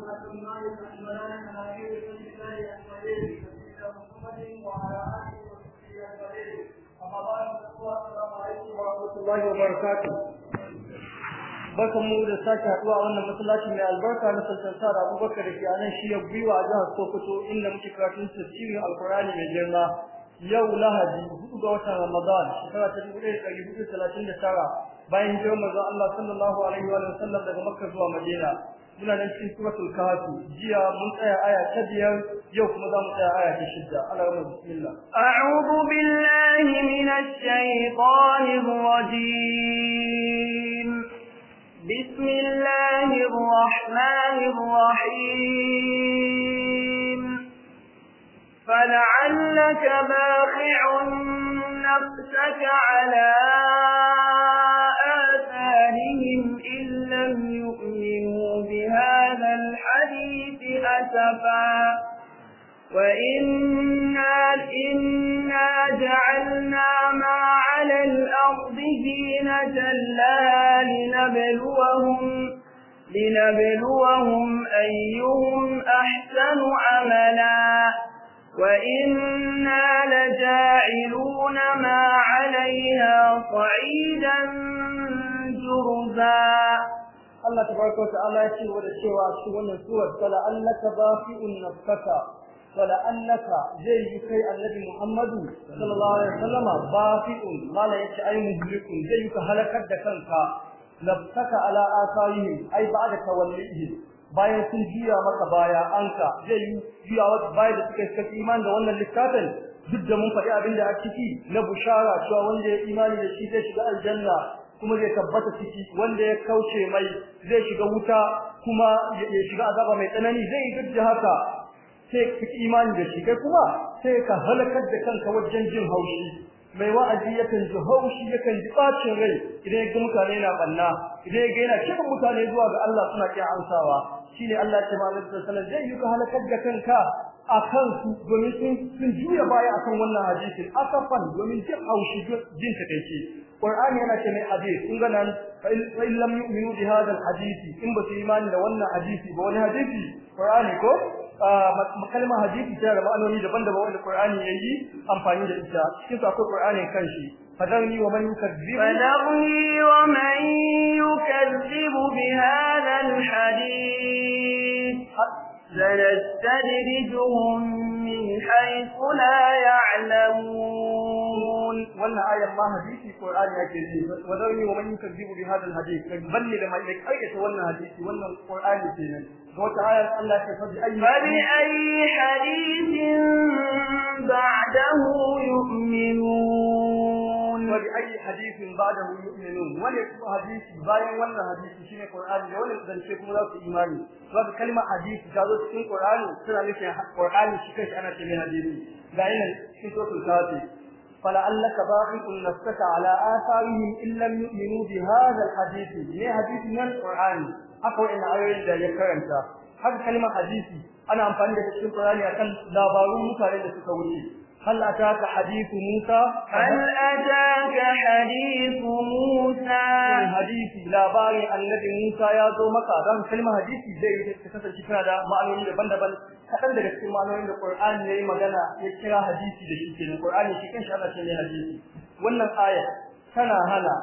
صلوات الله الرحمن على barkan mu da sake haduwa wannan masallaci mai albarka na sultan da abubakar da ke a nan ya gwiwa a jihar sokoto inda muke karatun tafsirin alkurani mai girma yau lahadi hudu ga watan ramadan shekara ta dubu ɗaya talatin da tara bayan jiran manzon allah sallallahu alaihi wa sallam daga makka zuwa madina muna nan cikin suratul kafi jiya mun tsaya aya ta biyar yau kuma za mu tsaya aya ta shida Allah ya bismillah a'udhu billahi minash shaitanir rajim bismillahir rahmanir rahim فلعلك باخع نفسك على أسفا وإنا إنا جعلنا ما على الأرض زينة لها لنبلوهم لنبلوهم أيهم أحسن عملا وإنا لجاعلون ما عليها صعيدا جرذا Allah tabaraka ta'ala ya ce wa da cewa cikin wannan surar kala annaka bafi'un nafsaka kala annaka zai yi kai annabi Muhammadu sallallahu alaihi wasallam bafi'un mala yace ai muhlikun zai yi ka halakar da kanka nafsaka ala asayihim ai ba'da tawallihim bayan sun jiya maka baya anka zai yi jiya wata baya da suka kafi iman da wannan littafin duk da mun faɗi abin da a ciki na bushara cewa wanda ya imani da shi zai shiga aljanna kuma zai tabbata ciki wanda ya kauce mai zai shiga wuta kuma ya shiga azaba mai tsanani zai yi da haka sai ka imani da shi kai kuma sai ka halakar da kanka wajen jin haushi mai wa'azi yakan ji haushi yakan ji bacin rai idan ya ga mutane na banna idan ga yana kiran mutane zuwa ga Allah suna kiyan ansawa ne Allah ta malaka sallallahu zai yi ka halakar da kanka akan su domin sun juya baya akan wannan hadisin asafan domin jin haushi jin takeici قران هنا كلمه حديث ان قلنا فان لم يؤمنوا بهذا الحديث ان بس ايمان ده ولا حديث هو ولا حديث قران كو آه، كلمه حديث ترى ما انه ده بند هو القران يجي امفاني ده اذا كيف اكو قران كانشي فذرني ومن يكذب فذرني ومن يكذب بهذا الحديث سنستدرجهم من حيث لا يعلمون يقول ولا آية الله حديث القرآن يا كريم وذوي ومن يكذب بهذا الحديث فبني لما يك أي تولى حديث ولا القرآن كريم قلت آية الله تفضي أي فبأي حديث بعده يؤمنون وبأي حديث بعده يؤمنون ولا حديث بعد ولا حديث في يقول لك ذن في مولى إيماني فبكلمة حديث جالس في القرآن تلاقيه في القرآن شكل أنا كريم حديث لأن في صوت الكاتب فلعلك باقي نفسك على آثارهم إن لم يؤمنوا بهذا الحديث ليه حديث من القرآن أقوى إن أعيد يكرمتا هذا كلمة حديثي أنا أمفاني في القرآن أكل لابارون مكارين لسكوتي هل أتاك حديث موسى هل أتاك حديث موسى حديث لا باري النبي موسى يا زو هذا كلمة حديثي زي تكسر شكرا دا ما أنوني Kaɗan daga cikin malamin da ya yi magana ya kira hadisi da shi kenan Qur'ani shi kanshi Allah ce ne hadisi wannan aya tana hana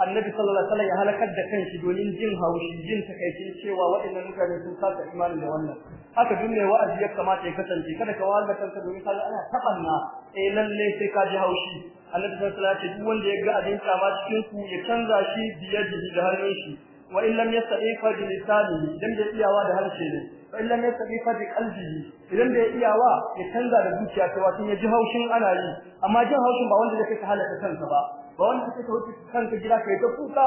annabi sallallahu alaihi wasallam ya halakar da kanshi domin jin haushi jin takaicin cewa waɗannan mutane sun saka imanin da wannan haka duk mai wa'azi ya kamata ya kasance kada ka wa'azi kanka domin kaga ana tabanna eh lalle sai ka ji haushi annabi sallallahu alaihi wasallam ya ce duk wanda ya ga abin kama cikin ku ya canza shi biyadihi da hannun shi wa in lam yastati fa bi lisanihi dan da iyawa da harshe ne fa illam yastati fa qalbihi idan da ya iya wa ya canza da zuciya ta wato ya ji haushin ana yi amma jin haushin ba wanda zai kai halaka kanka ba ba wanda zai kai wuce kanka gida kai ta kuka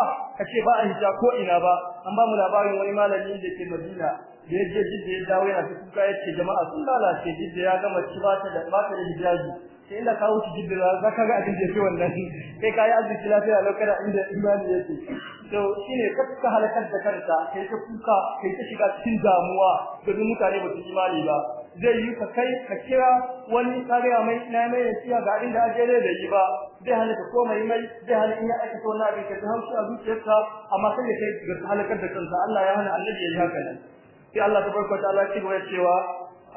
ce ba a hija ko ina ba an ba mu labarin wani malami da ke Madina da yaje jidda ya dawo yana kuka yace jama'a sun lalace da ya gama ci ba ta da ba ta da hijabi sai inda ka wuce da za ka ga abin da yake wannan kai kai arziki lafiya lokacin inda imani yake to shine ka halakar da kanka kai ka kuka kai ka shiga cikin damuwa domin mutane ba su imani ba zai yi ka kai ka kira wani kariya mai na mai nasiya ga inda aje ne da yi ba zai halaka ko mai mai zai halaka ya aka so na ka ta haushi a zuciyarka amma sai kai ga halakar da kansa. Allah ya hana annabi ya yi haka ne sai Allah tabaraka ta'ala ya cewa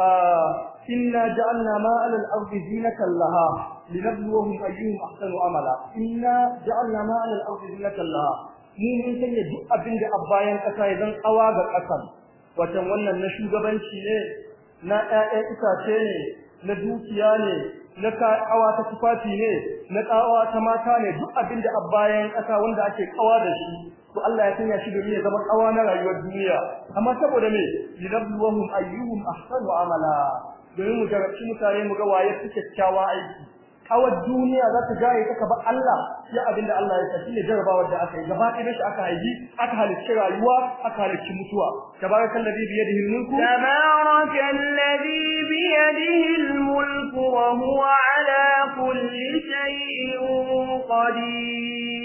ah, inna ja'alna ma'al al-ardi zinatan laha linabluwahum ayyuhum ahsanu amala inna ja'alna ma'al al-ardi zinatan laha ni mun sanya duk abin da a bayan ƙasa ya zan kawa ga ƙasa. watan wannan na shugabanci ne na ƴaƴan itace ne na dukiya ne na kawa ta tufafi ne na kawa ta mata ne duk abin da a bayan wanda ake kawa da shi to Allah ya sanya shi domin ya zama kawa na rayuwar duniya amma saboda me linabluwahum ayyuhum ahsanu amala domin mu jarabci mutane mu ga waye suke kyakkyawa aiki kawar duniya za ta jaye ta ba Allah ya abinda Allah ya saki shine jarabawar da aka yi gaba ɗaya shi aka haifi aka halicci rayuwa aka halicci mutuwa tabarakal ladhi bi yadihi al-mulku tabarakal ladhi bi yadihi al-mulku wa huwa ala kulli shay'in qadir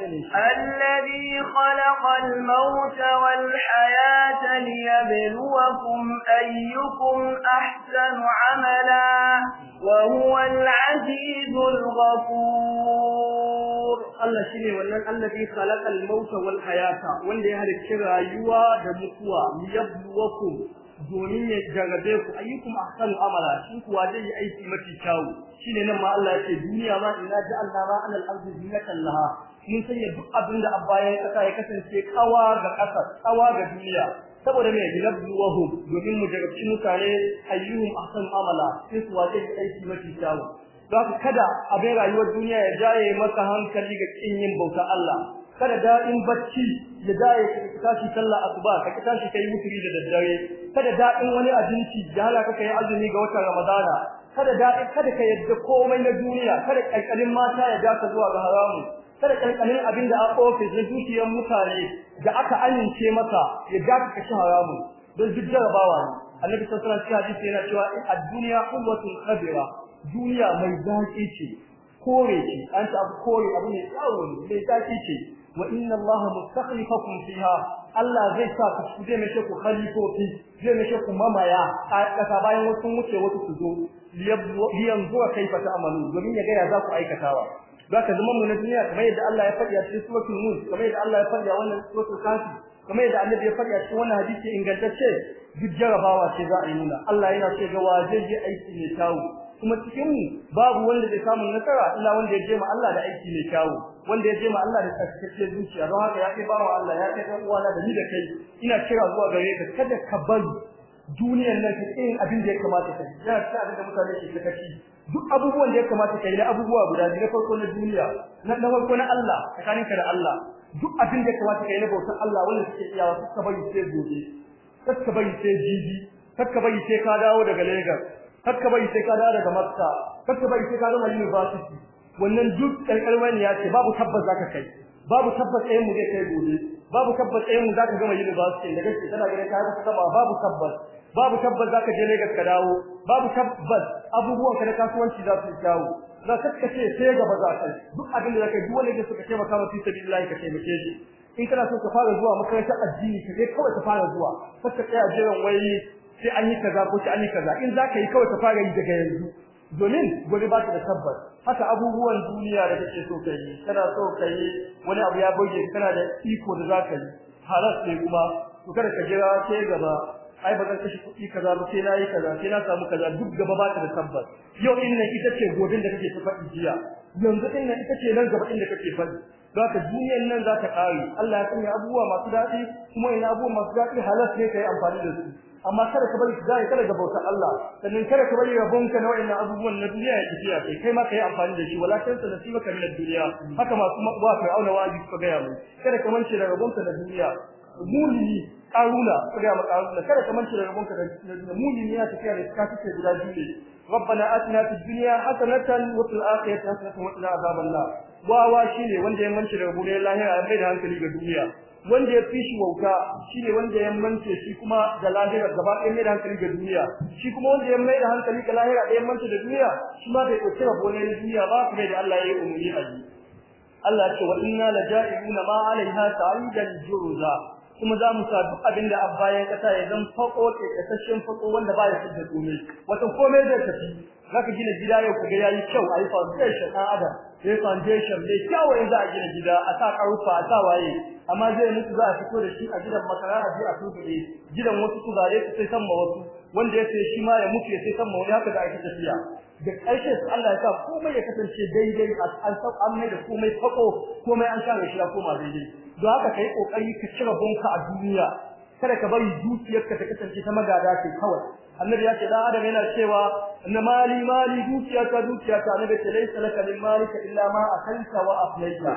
الذي خلق الموت والحياة ليبلوكم أيكم أحسن عملا وهو العزيز الغفور الله شيني والله الذي خلق الموت والحياة والذي هل كرايوا دمقوا ليبلوكم دوني جغبيك أيكم أحسن عملا شنك واجه أي سمتي شاو شيني نما الله يشي دنيا ما إنا جعلنا ما أنا الأرض زينة لها mun sanya duk abin da abba ya saka ya kasance kawa ga kasa kawa ga duniya saboda me yabluwahum domin mu jarabci mutane ayyuhum ahsan amala sai su wace aiki mafi kyawu don kada abin rayuwar duniya ya jaye maka hankali ga kin yin bauta Allah kada daɗin bacci ya jaye ka tashi sallah asuba ka tashi kai wuturi da daddare kada in wani abinci ya halaka kai azumi ga watan Ramadana kada da kada ka yadda komai na duniya kada kalkalin mata ya ja ka zuwa ga haramu kada kankanin abin da aka ofis na dukiyar mutane da aka amince maka ya ga ka haramun don duk jarabawa ne annabi sallallahu alaihi wasallam hadisi yana cewa ad-dunya qulwatun khabira duniya mai zaki ce kore ce an ta abu kore abu ne mai zaki ce wa inna allaha mustakhlifakum fiha Allah zai sa ku shige mai ku khalifofi zai mai ku mamaya a kasa bayan wasu muke wasu su zo liyanzuwa kaifa ta'malu domin ya gaya ya za ku aikatawa zaka zama mu na duniya kamar yadda Allah ya faɗi a cikin suratul mulk kamar yadda Allah ya faɗi a wannan suratul kafi kamar yadda Annabi ya faɗi a cikin wannan hadisi ingantacce duk jarabawa ce za a yi nuna Allah yana ce ga waje je aiki mai tawo kuma cikin mu babu wanda zai samu nasara illa wanda ya je ma Allah da aiki mai kyawu wanda ya je ma Allah da tsakkace zuciya don haka ya kai bawa Allah ya kai ta uwana da ni da kai ina kira zuwa gare ka kada ka bari duniyar nan ta irin abin da ya kamata yi, yana ta abin da mutane ke sakaci duk abubuwan da ya kamata yi na abubuwa guda biyu na farko na duniya na na farko na Allah tsakaninka da Allah duk abin da ya kamata yi na bautar Allah wannan suke iya wasu ka bari sai gobe kakka bari sai jibi kakka bari sai ka dawo daga Lagos kakka bari sai ka dawo daga Makka kakka bari sai ka dawo University wannan duk kalkalmani ya ce babu tabbas zaka kai babu tabbas ɗayan mu zai kai gobe babu tabbas ɗayan mu za ka gama university da gaske kana ganin ka haifa saba babu tabbas babu tabbas za ka je Lagos ka dawo babu tabbas abubuwan ka na kasuwanci za su dawo za ka kace sai gaba za ka duk abin da za ka yi wanda da suka taimaka maka fi sabilillahi ka taimake shi in kana so ka fara zuwa makarantar addini ka je kawai ka fara zuwa kar ka tsaya jiran wai sai an yi kaza ko sai an yi kaza in za ka yi kawai ka fara yi daga yanzu domin gobe ba ta da tabbas haka abubuwan duniya da kake so kai kana so kai wani abu ya goge kana da iko da zaka yi halas ne kuma to kada ka jira sai gaba ai bazan kashi kuɗi kaza ba sai nayi kaza sai na samu kaza duk gaba ba ta da tabbas yau in ne ita ce godin da kake faɗi jiya yanzu in ne ita ce nan gaba inda kake faɗi zaka duniyar nan zaka ƙare Allah ya sanya abubuwa masu daɗi kuma ina abubuwa masu daɗi halas ne kai amfani da su amma kada ka bari zai kada ga bautar Allah sannan kada ka bari rabon ka na wayannan abubuwan na duniya ya tafiya kai kai ma kai amfani da shi walakin sa nasibaka min ad duniya. haka masu mabuwa kai auna waji ka ga yamu kada ka mance da ka na duniya mulini karuna ka ga ma karuna kada ka mance da rabonka na duniya mulini ya tafiya da ka tafi guda biyu rabbana atina fid dunya hasanatan wa fil akhirati hasanatan wa qina adhaban nar wawa shine wanda ya mance da ya lahira bai da hankali ga duniya wanda ya fi shi wauta shine wanda ya mance shi kuma da lahira gaba ɗaya mai da hankali ga duniya shi kuma wanda ya mai da hankali ga lahira ɗaya mance da duniya shi ma bai ɗauki rabo na duniya ba kuma da Allah ya yi umuri a yi. Allah ce wa inna la ja'iluna ma alaiha sa'idan za? kuma za mu duk abin da ya kasa ya zan fako ke kasashen fako wanda ba ya fitar komai wato komai zai tafi Za ka gina gida yau ya yi kyau a ayi foundation ɗan adam sai foundation ne kyawu za a gina gida a sa karufa a sa waye amma zai mutu za a fito da shi a gidan makara a je a gidan wasu su zare su sai san wasu wanda ya sai shi ma ya mutu ya sai san wani haka da ake tafiya da su Allah ya sa komai ya kasance daidai an sau an mai da komai fako komai an share shi ya koma daidai don haka kai kokari ka cire bonka a duniya kada ka bari dukiyarka ta kasance ta magada ce kawai annabi ya ce dan adam yana cewa inna mali mali dukiyata dukiyata annabi ce laysa laka min malika illa ma akalta wa aflaita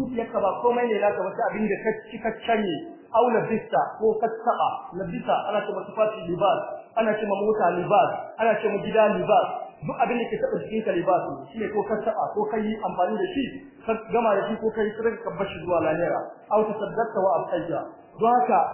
dukiyarka ba komai ne naka wata abin da ka ci ka canye au labista ko Katta'a. labista ana ce tufafi libas ana cewa mota libas ana cewa gida libas duk abin da ke taɓa jikin ka libas shine ko kattaba ko kai amfani da shi ka gama da shi ko kai sai ka bar zuwa lahira au tasaddaqta wa aflaita don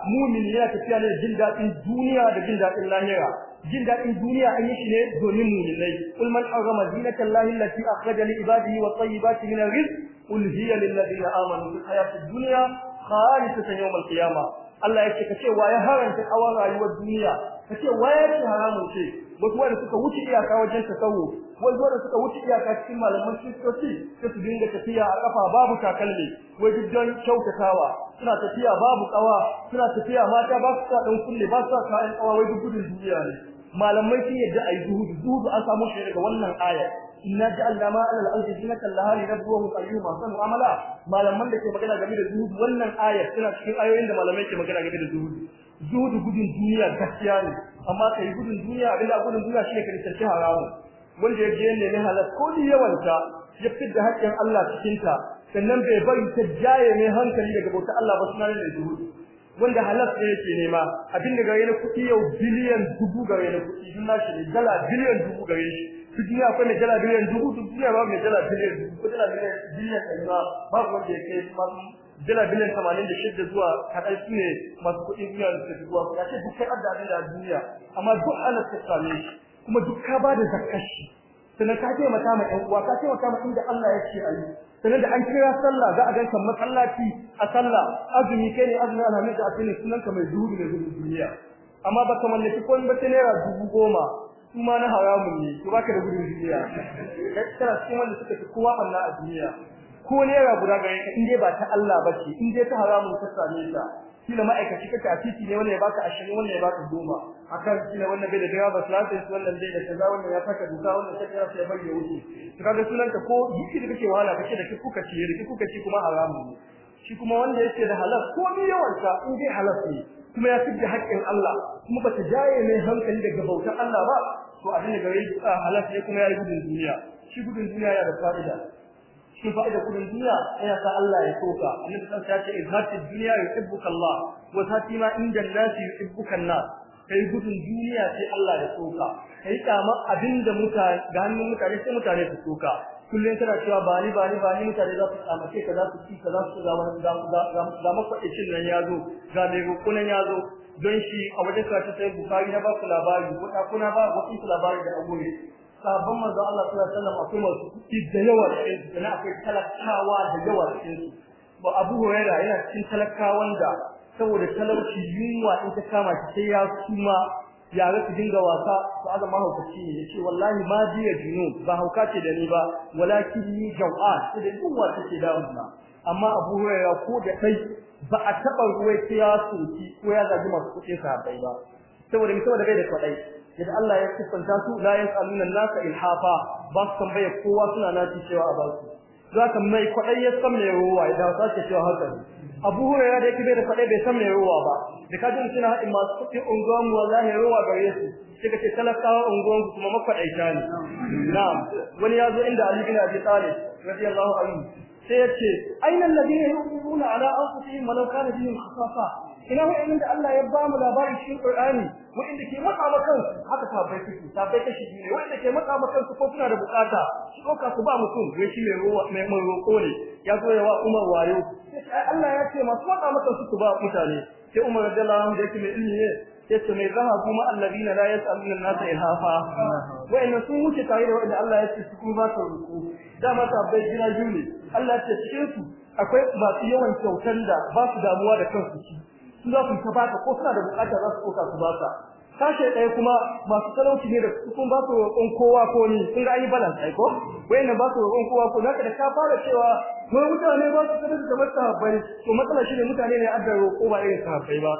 mu'min yana tafiya ne jin daɗin duniya da jin daɗin lahira jin daɗin duniya an yi shi ne domin mu'minai kul man harrama zinata allahi allati akhraja li ibadihi wa tayyibati min rizq qul hiya lil ladina amanu fil hayati dunya khalisatan yawm al qiyamah Allah yake kace wa ya haranta tsawon rayuwar duniya kace wa ya ce haramun ce wasu wanda suka wuce iyaka wajen tasawu wasu wanda suka wuce iyaka cikin malaman kiristoci sai su dinga tafiya a kafa babu takalmi wai duk don kyautatawa suna tafiya babu kawa suna tafiya mata ba su dan kulle ba su kayan kawa wai gudun duniya ne malamai sun yadda ayi zuhudu zuhudu an samu shi daga wannan aya inna ja'alna ma 'ala al-ardi zinatan laha linabluwahum qayyuma sanu amala malaman da ke magana game da zuhudu wannan aya suna cikin ayoyin da malamai ke magana game da zuhudu zuhudu gudun duniya gaskiya ne amma kai gudun duniya abinda gudun duniya shine kai tsarki haramun wanda yake ne ne halal ko ni yawanta ya da haƙƙin Allah cikin ta sannan bai bari ta jaye mai hankali daga bauta Allah ba sunan da juhudi wanda halas ne yake nema abin da gare na kuɗi yau biliyan dubu gare na kuɗi sun na shi dala biliyan dubu gare shi su duniya akwai ne dala biliyan dubu su duniya ba mai dala biliyan dubu ko dala biliyan biliyan ɗari ba ba wanda yake kai dala biliyan tamanin da shidda zuwa kaɗai su ne masu kuɗi duniya da suke zuwa ya ce duk kai adda da duniya amma duk halas ta same shi kuma duk ka ba da zakashi sannan ka mata ma ƴan uwa ka mata ma inda Allah ya ce ayi sannan da an kira sallah za a ganka masallaci a sallah azumi kai ne azumi alhamdu da asali sunan ka mai duhu da duhu duniya amma ba ka mallaki ko ba ta naira dubu goma kuma na haramun ne ba ka da gudun duniya kai kana cikin wanda suka fi kowa Allah a duniya ko naira guda ga ka in dai ba ta Allah ba ce in dai ta haramun ka same ta kila ma'aikaci kake a titi ne wanda ya baka ashirin, wanda ya baka goma akan kila wannan bai da driver's license wannan bai da kaza wannan ya saka duka wannan sai ya sai bai wuce to kaga ko duk da kake wahala kake da kuka ci da kuka ci kuma haramu shi kuma wanda yake da halal ko ni yawansa in dai halal ne kuma ya fidda haƙƙin Allah kuma ba ta jaye mai hankali daga bautar Allah ba to abin da gare shi ah, halal ne kuma ya yi gudun duniya shi gudun duniya ya da fa'ida shi fa'ida gudun duniya ya sa Allah ya soka annabi sallallahu alaihi wasallam ya ce izhati dunya yuhibbuka Allah wa tatima inda an-nas yuhibbuka nas kai gudun duniya sai Allah ya soka kai kama abinda mutane da hannun mutane sai mutane su soka kullun kana cewa ba ni ba ni ba ni mutane za su tsamace ka za su ci ka za su ga ma ko makwaɗacin nan ya zo ga ko nan ya zo don shi a wajen ta sai bukari na ba ku labari ko kuna ba ku ci labari da agure sabon manzo Allah sallallahu alaihi wasallam akwai masu kuɗi da yawa da akwai talakawa da yawa da yawa ba Abu Hurairah yana cikin talakawan da saboda talauci yunwa in ta kama shi sai ya suma ya su dinga wasa su aza mahaukaci ne yace wallahi ma biya junu ba hauka ce da ni ba walaki ni jaw'a da yunwa take damuna amma Abu Hurairah ko da kai ba a taba ruwai ta ya soki ko ya zagi masu kuɗi sahabbai ba saboda mutum da bai da kwadai yadda Allah ya kusanta su la yasaluna nasa ilhafa ba su tambaya kowa suna naci cewa a ba su ka mai kwadai ya san mai ruwa idan sa ce cewa haka abu hurairar da yake bai da faɗe bai san mai ruwa ba da ka jin suna haɗin masu kuɗi unguwan mu wallahi ruwa gare su sai ka ce talakawa unguwan ku kuma makwaɗaita ne na'am wani ya zo inda ali bin abi talib radiyallahu anhu sai ya ce aina alladhina yuquluna ala anfusihim walau kana bihim khasafa ina wa'annan da Allah ya bamu labarin cikin Qur'ani wa'anda ke matsa makan haka sabai suke ta shi? ne wanda ke matsa makan ko suna da bukata shi ka su ba mutum ne shi ne ruwa mai mai roko ne ya zo ya Umar wayo Allah ya ce masu maka makan su ba mutane sai Umar radiyallahu anhu da yake mai ilmi ne yace mai zama kuma alladina la yas'aluna an-nasa ilhafa wa'annan sun wuce tare da wanda Allah ya ce su kuma ba su ruku dama bai jira jure Allah ya ce cikin su akwai su yawan kyautar da ba su damuwa da kansu su za su ta baka ko suna da bukatar za su koka su baka sashe ɗaya kuma masu talauci ne da kun ba su roƙon kowa ko ni kun ga an yi balance ai ko wayannan ba su roƙon kowa ko naka da ka fara cewa wai mutane ba su sanar da mata bai to matsalar shi ne mutane ne adda roƙo ba irin sahabbai ba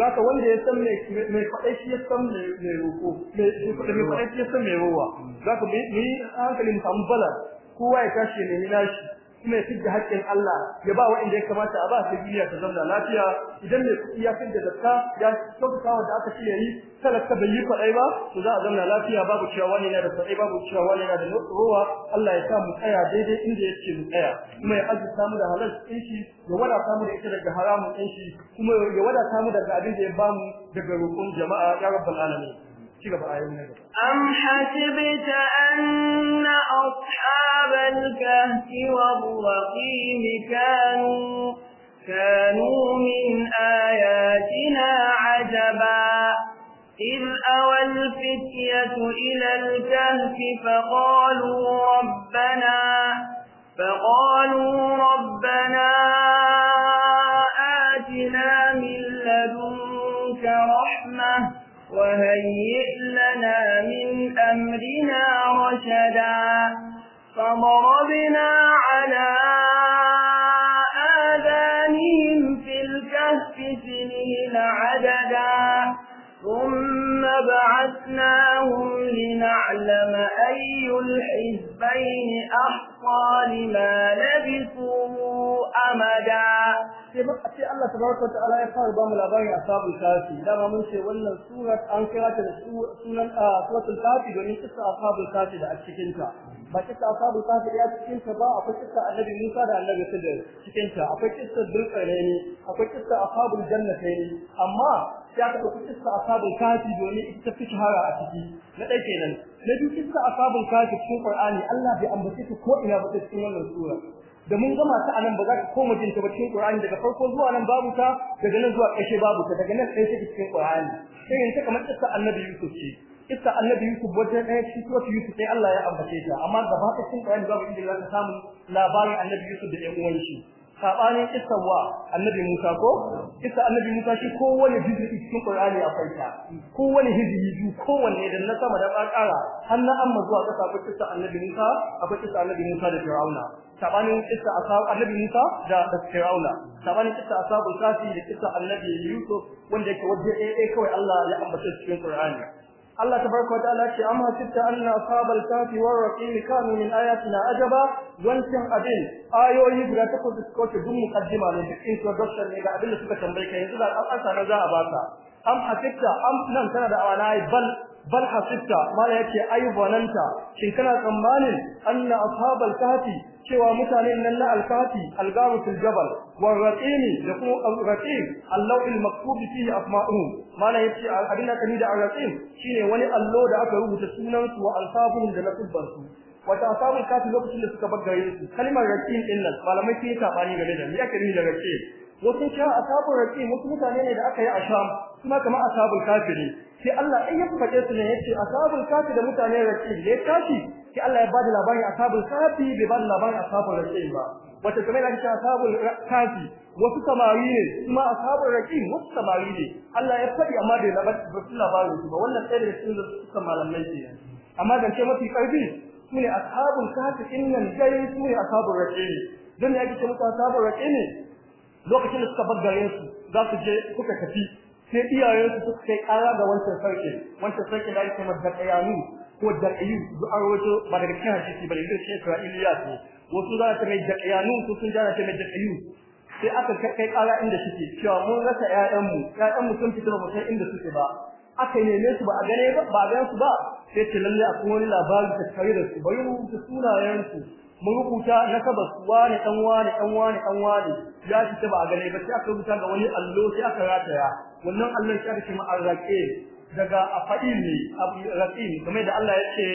zaka wanda ya san mai mai faɗai shi ya san mai mai roƙo mai faɗa shi ya san mai rowa zaka mu yi hankali mu samu balance kowa ya tashi ne nashi kuma ya fidda haƙƙin Allah ya ba wa inda ya kamata a ba su duniya ta zama lafiya idan mai kuɗi ya fidda zakka ya sauka da aka ce yi, talaka bai yi kwaɗai ba to za a zama lafiya babu cewa wani yana da kwaɗai babu cewa wani yana da rowa Allah ya sa mu tsaya daidai inda ya ce mu tsaya kuma ya azurta mu da halal ɗin shi ya wada mu da ita daga haramun ɗin shi kuma ya wadata daga abin da ya bamu daga roƙon jama'a ya rabbal alamin ci gaba ayoyin nan أصحاب الكهف والرقيم كانوا كانوا من آياتنا عجبا إذ أوى الفتية إلى الكهف فقالوا ربنا فقالوا ربنا آتنا من لدنك رحمة وهيئ لنا من أمرنا رشدا فمرضنا على لبعثناهم لنعلم أي الحزبين أحصى لما لبثوا أمدا sai Allah tabaraka wa ta'ala ya fara bamu labarin ashabul kafi dama mun ce wannan surat an kira ta da sunan ah, suratul kafi domin kisa ashabul kafi da a cikin ta ba kisa ashabul kafi da a cikin ta ba akwai kisa annabi Musa da annabi Khidir cikin ta akwai kisa Dulqarnaini akwai kisa ashabul jannatayn amma ya ka dauki kissa ashabul kafi domin ita fi shahara a ciki na dai kenan na biyu kissa ashabul kafi cikin ƙur'ani, Allah bai ambace ta ko ina ba cikin wannan sura da mun gama ta anan ba za ka koma jin ta ba cikin ƙur'ani daga farko zuwa nan babu ta daga nan zuwa ƙarshe babu ta daga nan sai ta cikin ƙur'ani. sai yanzu kamar iska annabi Yusuf ce iska annabi Yusuf wata ɗaya cikin sura Yusuf sai Allah ya ambace ta amma gaba ɗaya cikin babu inda za ka samu labarin annabi Yusuf da ƴan uwan shi sabanin kissan wa annabi Musa ko kissa annabi Musa shi kowane hijiri cikin Qur'ani akwai ta kowanne hijiri ju kowanne da na sama da bakara har na amma zuwa kasa akwai kissa annabi Musa akwai kissa annabi Musa da Fir'auna sabanin kissa asab annabi Musa da da Fir'auna sabanin kissa asabul kafi da kissa annabi Yusuf wanda yake wajen eh kawai Allah ya ambata cikin Qur'ani Allah ta farko, wa ala ce amma sitta anna ashabal kafi war raqim kanu min na ajaba wancan abin ayoyi guda takwas da suka wuce dun mukaddima ne duk introduction ne ga abin da suka tambaye ka yanzu da an ansa na za a baka am hasibta am nan tana da awana bal bal hasibta mala yace ai bonanta shin kana tsammanin anna ashabal kahfi cewa mutanen nan na alkahfi algamutul jabal warqini da kuma alraqim allahul maktub fihi asma'u mala yace abin da kani da alraqim shine wani allo da aka rubuta sunan su wa alfabuhum da nasban su wata asabul kahfi lokacin da suka bagare su kalmar raqim din nan malamai sun yi sabani game da me aka da raqim wasu cewa asabul raqim wasu mutane ne da aka yi a sham kuma kamar asabul kafiri sai Allah in ya fade su ne yace ashabul kafi da mutane rasul ne kafi sai Allah ya bada labarin ashabul kafi bai bada labarin ashabul rasul ba wata kamar da ta ashabul kafi wasu samari ne kuma ashabul rasul wasu samari ne Allah ya fadi amma bai labarin su ba wannan tsaye da sun malamai kenan amma dan ce mafi karfi su sune ashabul kafi innan dai ne, ashabul rasul dan yake ce mutane ashabul rasul ne lokacin da suka bar garin su za su je kuka tafi sai su suka kai kara ga wancan sarki wancan sarki da ake masa yanu ko da ayu duk an ba daga cikin hadisi ba daga cikin Isra'iliya ne wasu da ta mai dayanu ko sun jana ta mai dayayu sai aka kai kara inda suke cewa mun rasa mu, ƴaƴan mu sun fita ba sai inda suke ba aka neme su ba a gane ba ba gan su ba sai ce lalle akwai wani labari ta tare da su bayan rubuta sunayen su mun rubuta kaba suwa ne dan wani dan wani dan wani ya fita ba a gane ba sai aka rubuta ga wani allo sai aka rataya wannan Allah ya ce ma arraqe daga afa'il ne arraqin kamar da Allah yake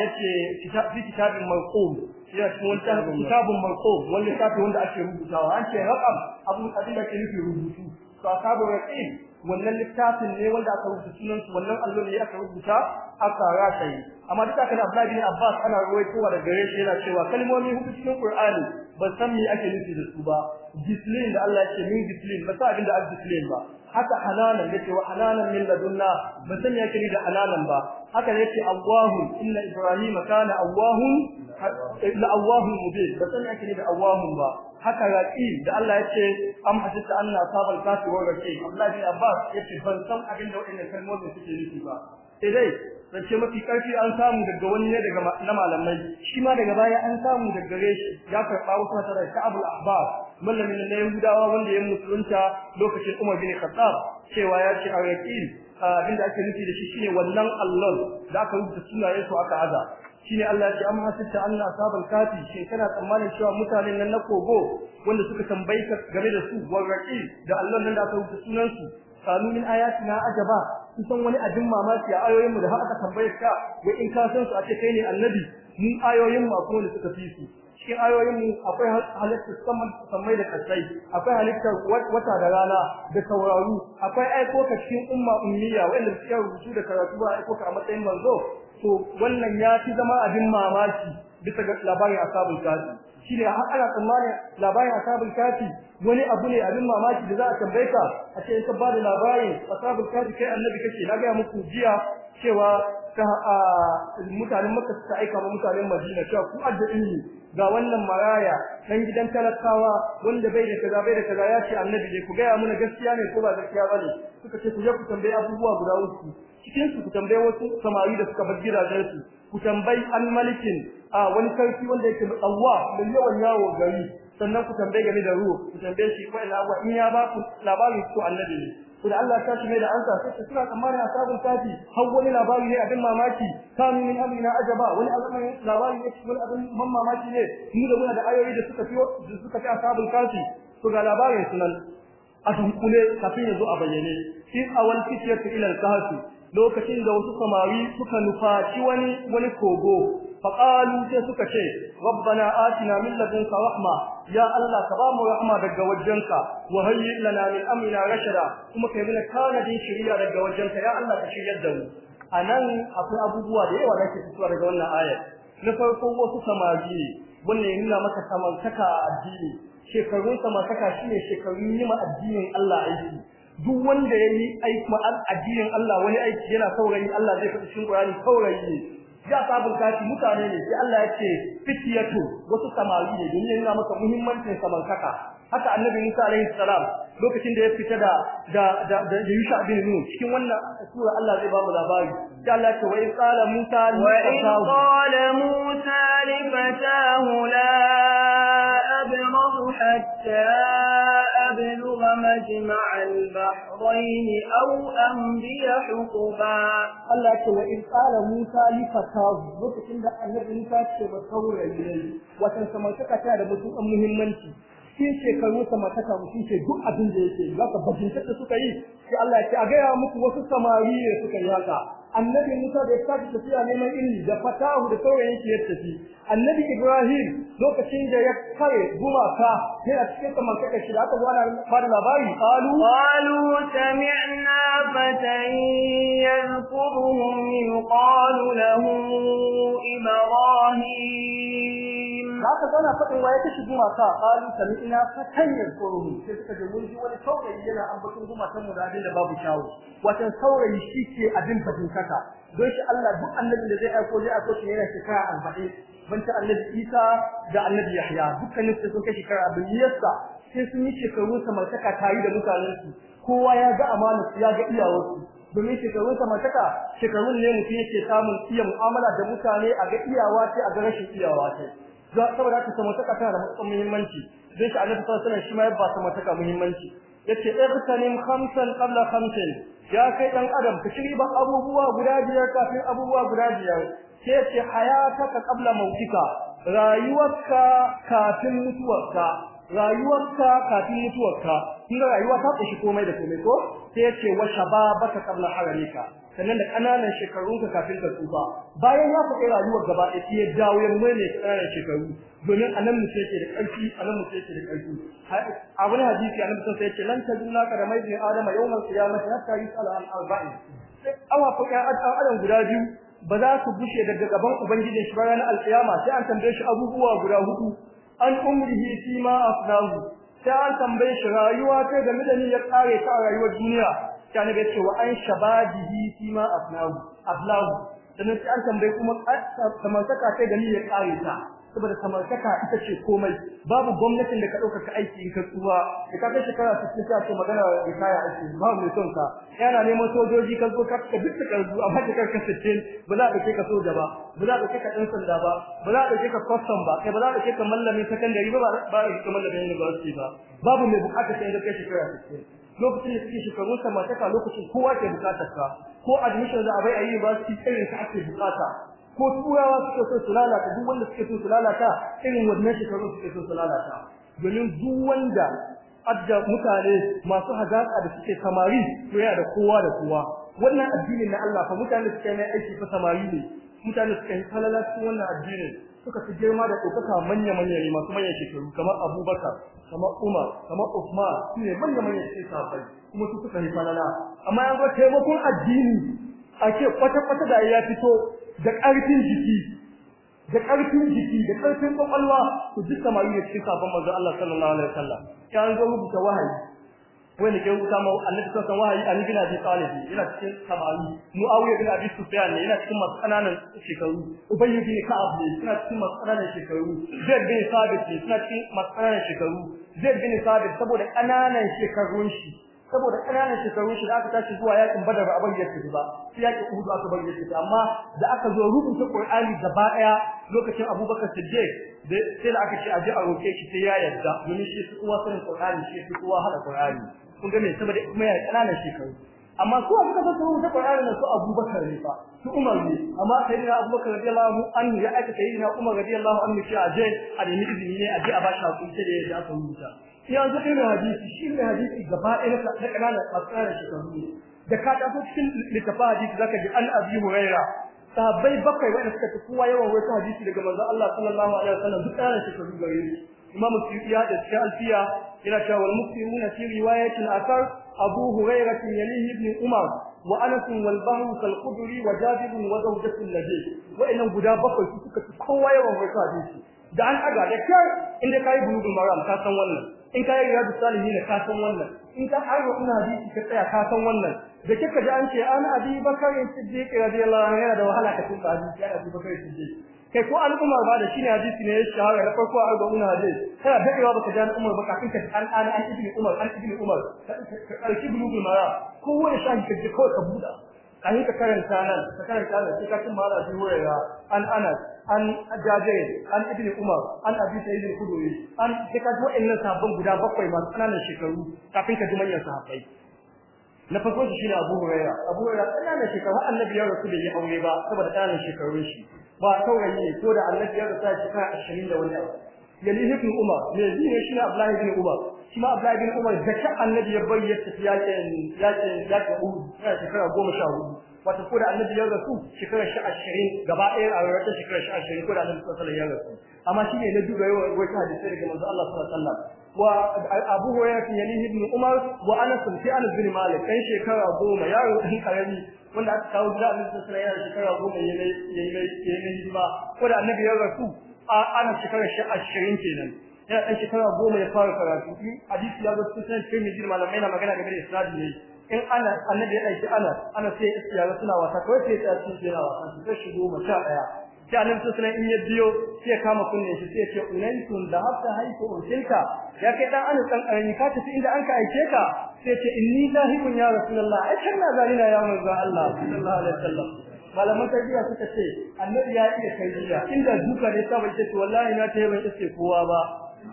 yake kitabin kitabin marqum ya ce wanda kitabun marqum wanda kafi wanda ake rubutawa an ce raqam abun abin da ke nufi rubutu to asabu raqim wannan littafin ne wanda aka rubuta sunan su wannan Allah ne aka rubuta aka yi. amma duk aka da Abdullahi bin Abbas ana ruwaitowa da gare shi yana cewa kalmomi hudu cikin Qur'ani ban san me ake nufi da su ba disiplin da Allah ya ce min disiplin ba sa abin da disiplin ba haka halalan yace wa halalan min ladunna ba san yake ni da halalan ba haka yace Allahu inna ibrahima kana Allahu illa Allahu mubin ba san yake ni da Allahu ba haka raqi da Allah yace am hasita anna sabal kafi wa raqi Allah ya Abbas yace ban san abin da wannan kalmomin suke nufi ba sai dai zance mafi karfi an samu daga wani ne daga na malamai shi ma daga baya an samu daga gare shi ya karba wata tare ka Abul Abbas mallamin na Yahudawa wanda ya musulunta lokacin Umar bin Khattab cewa ya ce al abinda ake nufi da shi shine wannan Allah da aka rubuta sunayen su aka aza shine Allah ya ce amma hatta Allah sabal kafi shi kana tsammanin cewa mutanen nan na kogo wanda suka tambayi ka game da su warraki da Allah nan da aka rubuta sunan su kanu min ayatina ajaba kusan wani ajin mamaki a ayoyin mu da haka aka tambaye ka wai in ka san su a ce kai ne annabi mun ayoyin mu akwai wanda suka fi su cikin ayoyin mu akwai halittar saman samai da kasai akwai halittar wata da rana da sauraru akwai aikoka cikin umma ummiya wanda yi rubutu da karatu ba aikoka a matsayin manzo to wannan ya fi zama abin mamaki bisa ga labarin asabul kafi shine har ana tsammanin labarin asabul kafi wani abu ne abin mamaki da za a tambaye ka a ce ka ba da labarin asabul kafi kai annabi kake na ga muku jiya cewa a mutanen makka suka aika ma mutanen madina cewa ku addu'in ga wannan maraya dan gidan talakawa wanda bai da kaza bai da kaza ya ce annabi ne ku gaya mana gaskiya ne ko ba gaskiya bane suka ce ku je ku tambayi abubuwa guda uku cikin su ku tambayi wasu samari da suka bar gidajen su ku tambayi an malikin a wani sarki wanda yake Allah da yawan yawo gari sannan ku tambaye game da ruhu ku tambaye shi ko ina in ya ba ku labarin ku annabi ne to Allah ya shi mai da ansa sai suna tsammanin a sabon tafi har wani labari ne abin mamaki kanu min amina ajaba wani azumi labari ne wani abin man mamaki ne mu da muna da ayoyi da suka fi suka fi asabul kafi to ga labarin sunan a dunkule kafin ya zo a bayyane in a wani ila al-kahfi lokacin da wasu samari suka nufaci wani wani kogo faqalu sai suka ce rabbana atina min ladunka rahma ya allah ka ba mu rahma daga wajenka wa hayyi lana min Amina rashada kuma kai mana tanadin shiriya daga wajenka ya allah ka shiryar da mu A nan akwai abubuwa da yawa da ke fitowa daga wannan ayar na farko wasu samari wannan ya nuna maka samantaka a addini shekarun samantaka shine shekarun yi ma addinin Allah aiki duk wanda ya yi aiki ma addinin Allah wani aiki yana saurayi Allah zai faɗi cikin Qur'ani saurayi ya sabul kafi mutane ne sai Allah ya ce fitiyatu wasu samari ne don yana maka muhimmancin samarkaka haka annabi Musa alaihi salam lokacin da ya fita da da da, da Yusha bin Nun cikin wannan sura Allah zai ba mu labari sai Allah ya ce wa in qala Musa wa in qala Musa li fatahu la abrahu hatta أبلغ مجمع البحرين أو أمضي حقبا الله كما إذ قال موسى لفتاه ذلك عند أن موسى كما قول إليه وتنسمتك تعالى بسوء مهمتي shi shekaru samartaka mutum ce duk abin da yake za ka bajinta da suka yi sai Allah ya ce a gaya muku wasu samari ne suka yi haka annabi Musa da ya tafi tafiya neman ilimi da fatahu da saurayin shi ya tafi annabi Ibrahim lokacin da ya kare gumaka yana cikin saman kaka shi aka zo ana bada labari qalu qalu sami'na fatan yadhkuruhum yuqalu lahu ibrahim haka zauna fadin waye ta shigo maka qalu sami'na fatan yadhkuruhum sai suka ji mun ji wani saurayi yana ambaton gumakan mu da abin da babu kyawu wato saurayi shi ke abin fahimta haka don shi Allah duk annabi da zai aiko zai aiko shi yana shekara arba'in ta annabi Isa da annabi Yahya dukkanin su sun kai shekara arba'in yasa sai sun yi shekaru samartaka tare da mutanen kowa ya ga amanar ya ga iyawarsu domin shekarun samartaka shekarun ne mutum yake samun iya mu'amala da mutane a ga iyawa ce a ga rashin iyawa ce saboda haka samartaka tana da matuƙar muhimmanci don shi annabi sallallahu alaihi wasallam shi ma ya ba samartaka muhimmanci yace irtanim khamsan qabla khamsin ya kai dan adam ka shiri abubuwa guda biyar kafin abubuwa guda biyar sai ce hayataka qabla mautika rayuwarka kafin mutuwarka rayuwarka kafin mutuwarka kin rayuwa ta kashi komai da komai ko sai yace wa shababaka qabla haramika sannan da kananan shekarunka kafin ka tsufa bayan ya faɗi rayuwar gaba ɗaya sai ya dawo ya mai kananan shekaru domin anan mu sai da ƙarfi anan mu sai da ƙarfi a wani hadisi anan mutum sai yace lan tajunna karamai da adama yawmal qiyamati hatta yusala an arba'in sai awa fa ya adam guda biyu ba za su bushe daga gaban ubangiji shi bayan alkiyama sai an tambaye shi abubuwa guda hudu an umrihi fi ma afnahu sai an tambaye shi rayuwa kai game da ni ya kare ta rayuwar duniya sai ne cewa an shababihi fi ma aflahu aflahu sannan sai an tambaye kuma kamar saka ta game ya kare ta saboda samartaka ita ce komai babu gwamnatin da ka ɗaukaka aiki in ka tsuwa da ka kai shekara ce ta ce magana da kaya aiki babu mai son ka yana neman sojoji ka zo ka ka duk karzu amma da karka sace ba za ka kai ka soja ba ba za ka kai ka ɗan sanda ba ba za ka kai ka custom ba kai ba za ka kai ka mallamin sakandare ba ba ka kai mallamin university ba babu mai bukatar sai ka kai shekara ce lokacin da kake shekaru samartaka lokacin kowa ke bukatar ka ko admission za a bai a yi university irin ka ake bukata ko turawa suke so su lalata duk wanda suke so su lalata irin wannan shekaru suke so su lalata domin duk wanda adda mutane masu hazaka da suke samari to yana da kowa da kowa wannan addinin na Allah fa mutane suke mai aiki fa samari ne mutane suke halala su wannan addinin suka fi girma da ɗaukaka manya-manya ne masu manyan shekaru kamar abubakar kamar umar kamar usman su ne manya-manya suke safai kuma su suka yi falala amma yanzu taimakon addini a ce kwata-kwata da ya fito da ƙarfin jiki da ƙarfin jiki da ƙarfin kwakwalwa su duk samari ne cikin safon manzo Allah sallallahu alaihi wasallam ya zo rubuta wahayi wani ke rubuta ma annabi sallallahu wahayi annabi na bi talibi yana cikin samari muawiya bin abi sufyan ne yana cikin masu ƙananan shekaru ubayyubi bin ka'ab ne yana cikin masu shekaru zaid bin sabit ne yana cikin masu ƙananan shekaru zai bin sabit saboda kananan shekarun shi saboda kananan shekaru shi da aka tashi zuwa yakin badar ba abin shi ba sai yakin uhud aka bari yake amma da aka zo rubuta qur'ani gaba daya lokacin abubakar siddiq da sai da aka ce aje a roke shi sai ya yarda domin shi su uwa sanin qur'ani shi su uwa hada qur'ani kun ga me saboda kuma ya kananan shekaru amma su aka san rubuta qur'ani na su abubakar ne fa su umar ne amma sai da abubakar radiyallahu anhu ya aka sai na umar radiyallahu anhu shi aje a da izini ne aje a ba shi hakuri da ya da rubuta yanzu na hadisi shi ne hadisi gaba ɗaya na ƙananan ƙasar shekaru ne da ka tafi cikin littafin hadisi zaka ji an abi huraira sahabbai bakwai wanda suka fi kowa yawan wasu hadisi daga manzon Allah sallallahu alaihi wasallam duk ƙananan shekaru gare su imamu ya da shi alfiya yana cewa wal muqimuna fi riwayatil athar abu huraira yalihi ibn umar wa anas wal bahr kal qudri wa jabir wa zawjatul nabi wa inna guda bakwai su suka fi kowa yawan wasu hadisi da an aga da kyar inda kai bulugul maram ka san wannan in ka yi riyadu ne ka san wannan in ka har wannan hadisi ka tsaya ka san wannan da kika ji an ce an abi bakari siddiq radiyallahu anhu yana da wahala ka tuka hadisi ya abi bakari siddiq kai ko al'umar ba da shine hadisi ne ya shahara da farko a arba'un hadis kana dadewa baka ji umar baka kinka an an an ibnu umar an ibnu umar ka karki bulugul mara ko wani shahi ka ji kawai ka buda an ka karanta nan ka karanta nan sai ka cin mala ji ya an anas an jajayen an ibn umar an abi sayyid al-khudri an duka wa'annan sabon guda bakwai masu kananan shekaru kafin ka ji manyan sahabbai na farko shi ne Abu Huraira Abu Huraira kananan shekaru annabi ya rasu da ya aure ba saboda kananan shekaru shi ba saurayi ne ko da annabi ya rasu shi kana 20 da wani abu yali ibn umar ne ne shi ne abdullahi ibn umar shi ma abdullahi ibn umar zakka annabi ya bayyana tafiya yakin yakin yakin ya shekara 14 Wata ko da annabi ya rasu shekarar shi ashirin gaba ɗaya a wata shekarar shi ashirin ko da annabi sallallahu alaihi wasallam ya rasu amma shi ne na duba yawan wata hadisi daga manzo Allah sallallahu alaihi wasallam wa Abu Hurairah yalihi ibn Umar wa Anas fi Anas bin Malik kan shekara goma ya yaro ɗan karami wanda aka kawo da annabi sallallahu alaihi wasallam shekara goma ya yayi yayi ba ko da annabi ya rasu ana shekarar shi ashirin kenan yana ɗan shekara goma ya fara karatu hadisi ya zo cikin tirmidhi malamai na magana game da isnadi ne in ana annabi ya aiki ana ana sai istiyaga suna wasa kawai sai ta cikin jira wasa ta shigo mata daya sai annabi sallallahu in ya biyo sai kama kunne shi sai ce unaitun da hatta haitu tilka ya kai dan an san an ka tafi inda an ka aike ka sai ce inni zahibun ya rasulullah ai kan na zalina ya manzo Allah sallallahu alaihi wasallam malaman tarbiya suka ce annabi ya iya jira, inda duka ne sai ce to wallahi na ta yaba iske kowa ba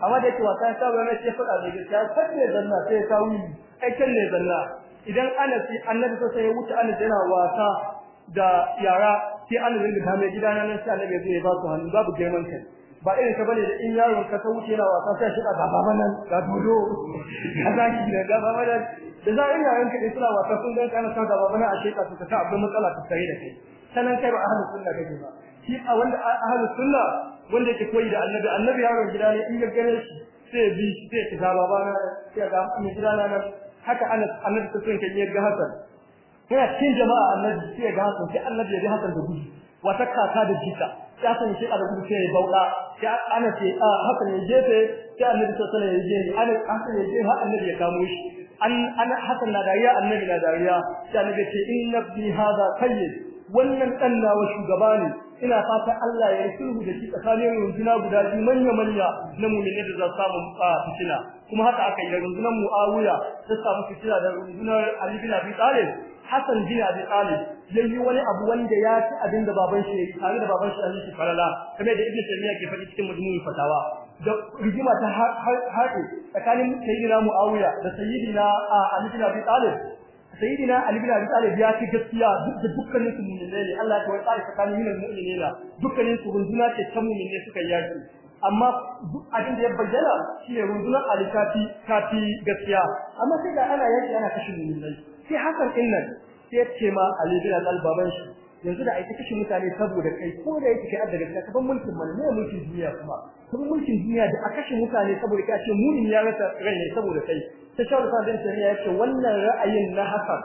amma da yake wasa sai ba ne ce fada da gaskiya sai zanna sai ya wuni ai kan ne zanna idan Anas annabi sai ya wuce Anas yana wasa da yara sai Anas ya ta mai gidana nan sai annabi zai ba su hannu babu gaiman kai ba irin ka bane da in yaron ka ta wuce yana wasa sai shi ga baba nan ga dodo kaza shi da ga baba nan da za in yaron ka suna wasa sun ga kana sa baba nan a sheka su ta abin matsala ta kai da kai sanan kai ba ahlus sunna kake ba shi a wanda ahlus sunna wanda ke koyi da annabi annabi yaron gida ne in ga gare shi sai bi sai ta baba nan sai ga mai gida nan haka Anas Annabi ta alaihi ya ga Hassan yana cikin jama'a Annabi sai ya ga Hassan sai Annabi ya ga Hassan da gudu wata kaka da jika ya san sai a gudu sai ya bauda sai Anas ya Hassan ya jefe sai Annabi sallallahu alaihi ya je Anas Hassan ya je har Annabi ya kamo shi an ana Hassan na dariya Annabi na dariya sai Annabi ce inna bi hada sayyid wannan dan nawa shugaba ne ina fata Allah ya sulhu da shi tsakanin runduna guda biyu manya manya na mu'minin da za su samu fitina kuma haka aka yi da rundunar Muawiya ta samu fitina da rundunar Ali bin Abi Talib Hassan bin Abi Talib yayi wani abu wanda ya ci abin da baban shi yayi tare da baban shi Ali shi falala kamar da Ibn Taymiyyah ke faɗi cikin mujmu'i fatawa da rigima ta haɗe tsakanin sayyidina Muawiya da sayyidina Ali bin Abi Talib na ali bin abi talib ya ci gaskiya duk da dukkanin su mu'mini ne Allah ya kawai tsari tsakanin minal mu'minina dukkanin su runduna ce ta mu'mini suka yaki amma duk abin da ya bayyana shine rundunar ali kafi kafi gaskiya amma sai da ana yaki ana kashe mu'minai sai hakan din nan sai ce ma ali bin abi talib yanzu da aiki kashe mutane saboda kai ko da yake kai addaga ka ban mulkin mana ne mulkin duniya kuma kuma mulkin duniya da aka kashe mutane saboda kai ce munin ya rasa rai ne saboda kai ta shawara ta bin shari'a yace wannan ra'ayin na Hassan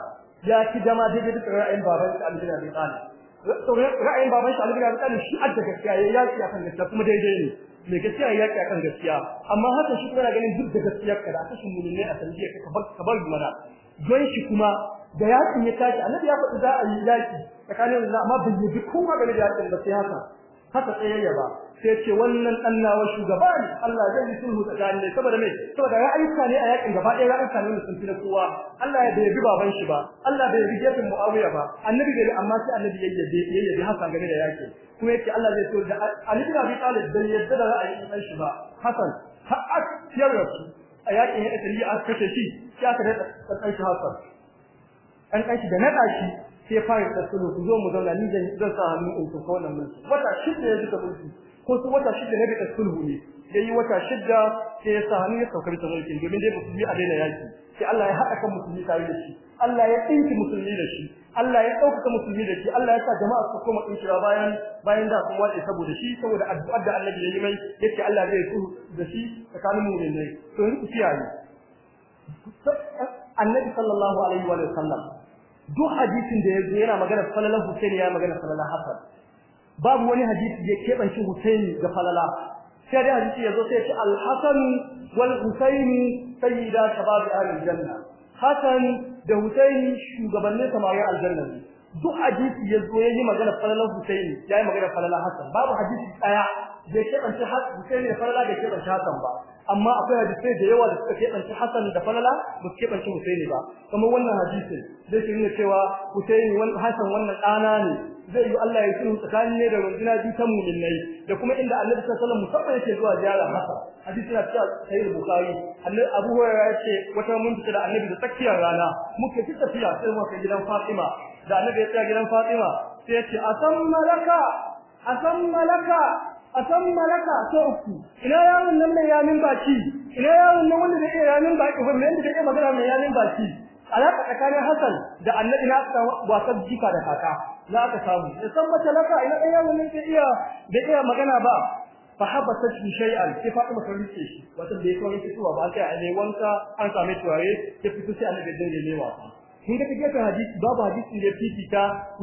ya ci dama daidai da ra'ayin baban shi Abdul Aziz ra'ayin baban shi Abdul Aziz shi adda gaskiya ya yaki akan gaskiya kuma daidai ne mai gaskiya ya yaki akan gaskiya amma haka shi kuma ganin duk da gaskiyar ka da aka shi munin ne a sanjiya ka bar ka bar mana don shi kuma da yakin ya tashi annabi ya faɗi za a yi yaki tsakanin Allah amma bai yi kuma game da yakin ba sai haka haka tsayayya ba sai ce wannan Allah wa shugaba Allah zai yi sulhu tsakanin ne saboda me saboda ya aika ne a yakin gaba ɗaya ya aika ne musulmi na kowa Allah ya bai baban shi ba Allah bai bi gefen Muawiya ba annabi gari amma sai annabi yayya yabe ya yabe Hassan game da yaki. kuma yake Allah zai so da Ali bin Abi Talib bai yadda da ra'ayin ɗan shi ba Hassan har rasu a yakin ya tsari a kashe shi ya ka da ɗan Hassan an kashi da naɗa shi sai fara tsalo ku zo mu zauna ni zan sa hannu in tuka wannan nan wata shidda ya zuka mulki ko su wata shida na da sulhu ne yayi wata shidda sai ya sa hannu ya saukar da mulki domin dai musulmi a daina yaki sai Allah ya haɗa kan musulmi tare da shi Allah ya tsinki musulmi da shi Allah ya ɗaukaka musulmi da shi Allah ya sa jama'a su koma inshira bayan bayan da sun wace saboda shi saboda addu'ar da Allah ya yi mai yace Allah zai su da shi tsakanin mu ne to yanzu ku kiyaye annabi sallallahu alaihi wa sallam duk hadisin da yazo yana magana falalan Husaini ya magana falalan Hassan babu wani hadisi da ke banci Husaini ga falala sai dai hadisi yazo sai ce al-Hasan wal Husaini sayyida shabab al-janna Hassan da Husaini shugabannin samarin aljanna duk hadisi yazo yayi magana falalan Husaini yayi magana falalan Hassan babu hadisi tsaya bai keɓance Hussaini da falala bai keɓance Hassan ba amma akwai hadisai da yawa da suka keɓance Hassan da falala ba su keɓance Hussaini ba kamar wannan hadisin zai ke nuna cewa Hussein wannan Hassan wannan ɗana ne zai yi Allah ya sulhu tsakanin ne da runduna biyu ta mu'minai da kuma inda Annabi sallallahu alaihi wasallam musamman yake zuwa ziyara Hassan hadisi na cikin Sahih Bukhari Annabi Abu Hurairah ya ce wata mun fita da Annabi da tsakiyar rana muke ci tafiya sai muka gidan Fatima da Annabi ya tsaya gidan Fatima sai ya ce Malaka! laka asamma Malaka! a san malaka ta uku ina yaron nan mai yamin baki ina yaron nan wanda yake yamin baki wanda yake da magana mai yamin baki alaka tsakanin Hassan da Annabi na ta wasan jika da kaka za ka samu Ya san mace malaka ina yaron nan ke iya da iya magana ba fa habasat shi shay'an sai Fatima ta rike shi wato da yake wani tuwa ba sai a ne wanka an same turare sai fito sai Annabi dinga ne wasa kun ga kike hadisi babu hadisi da fifita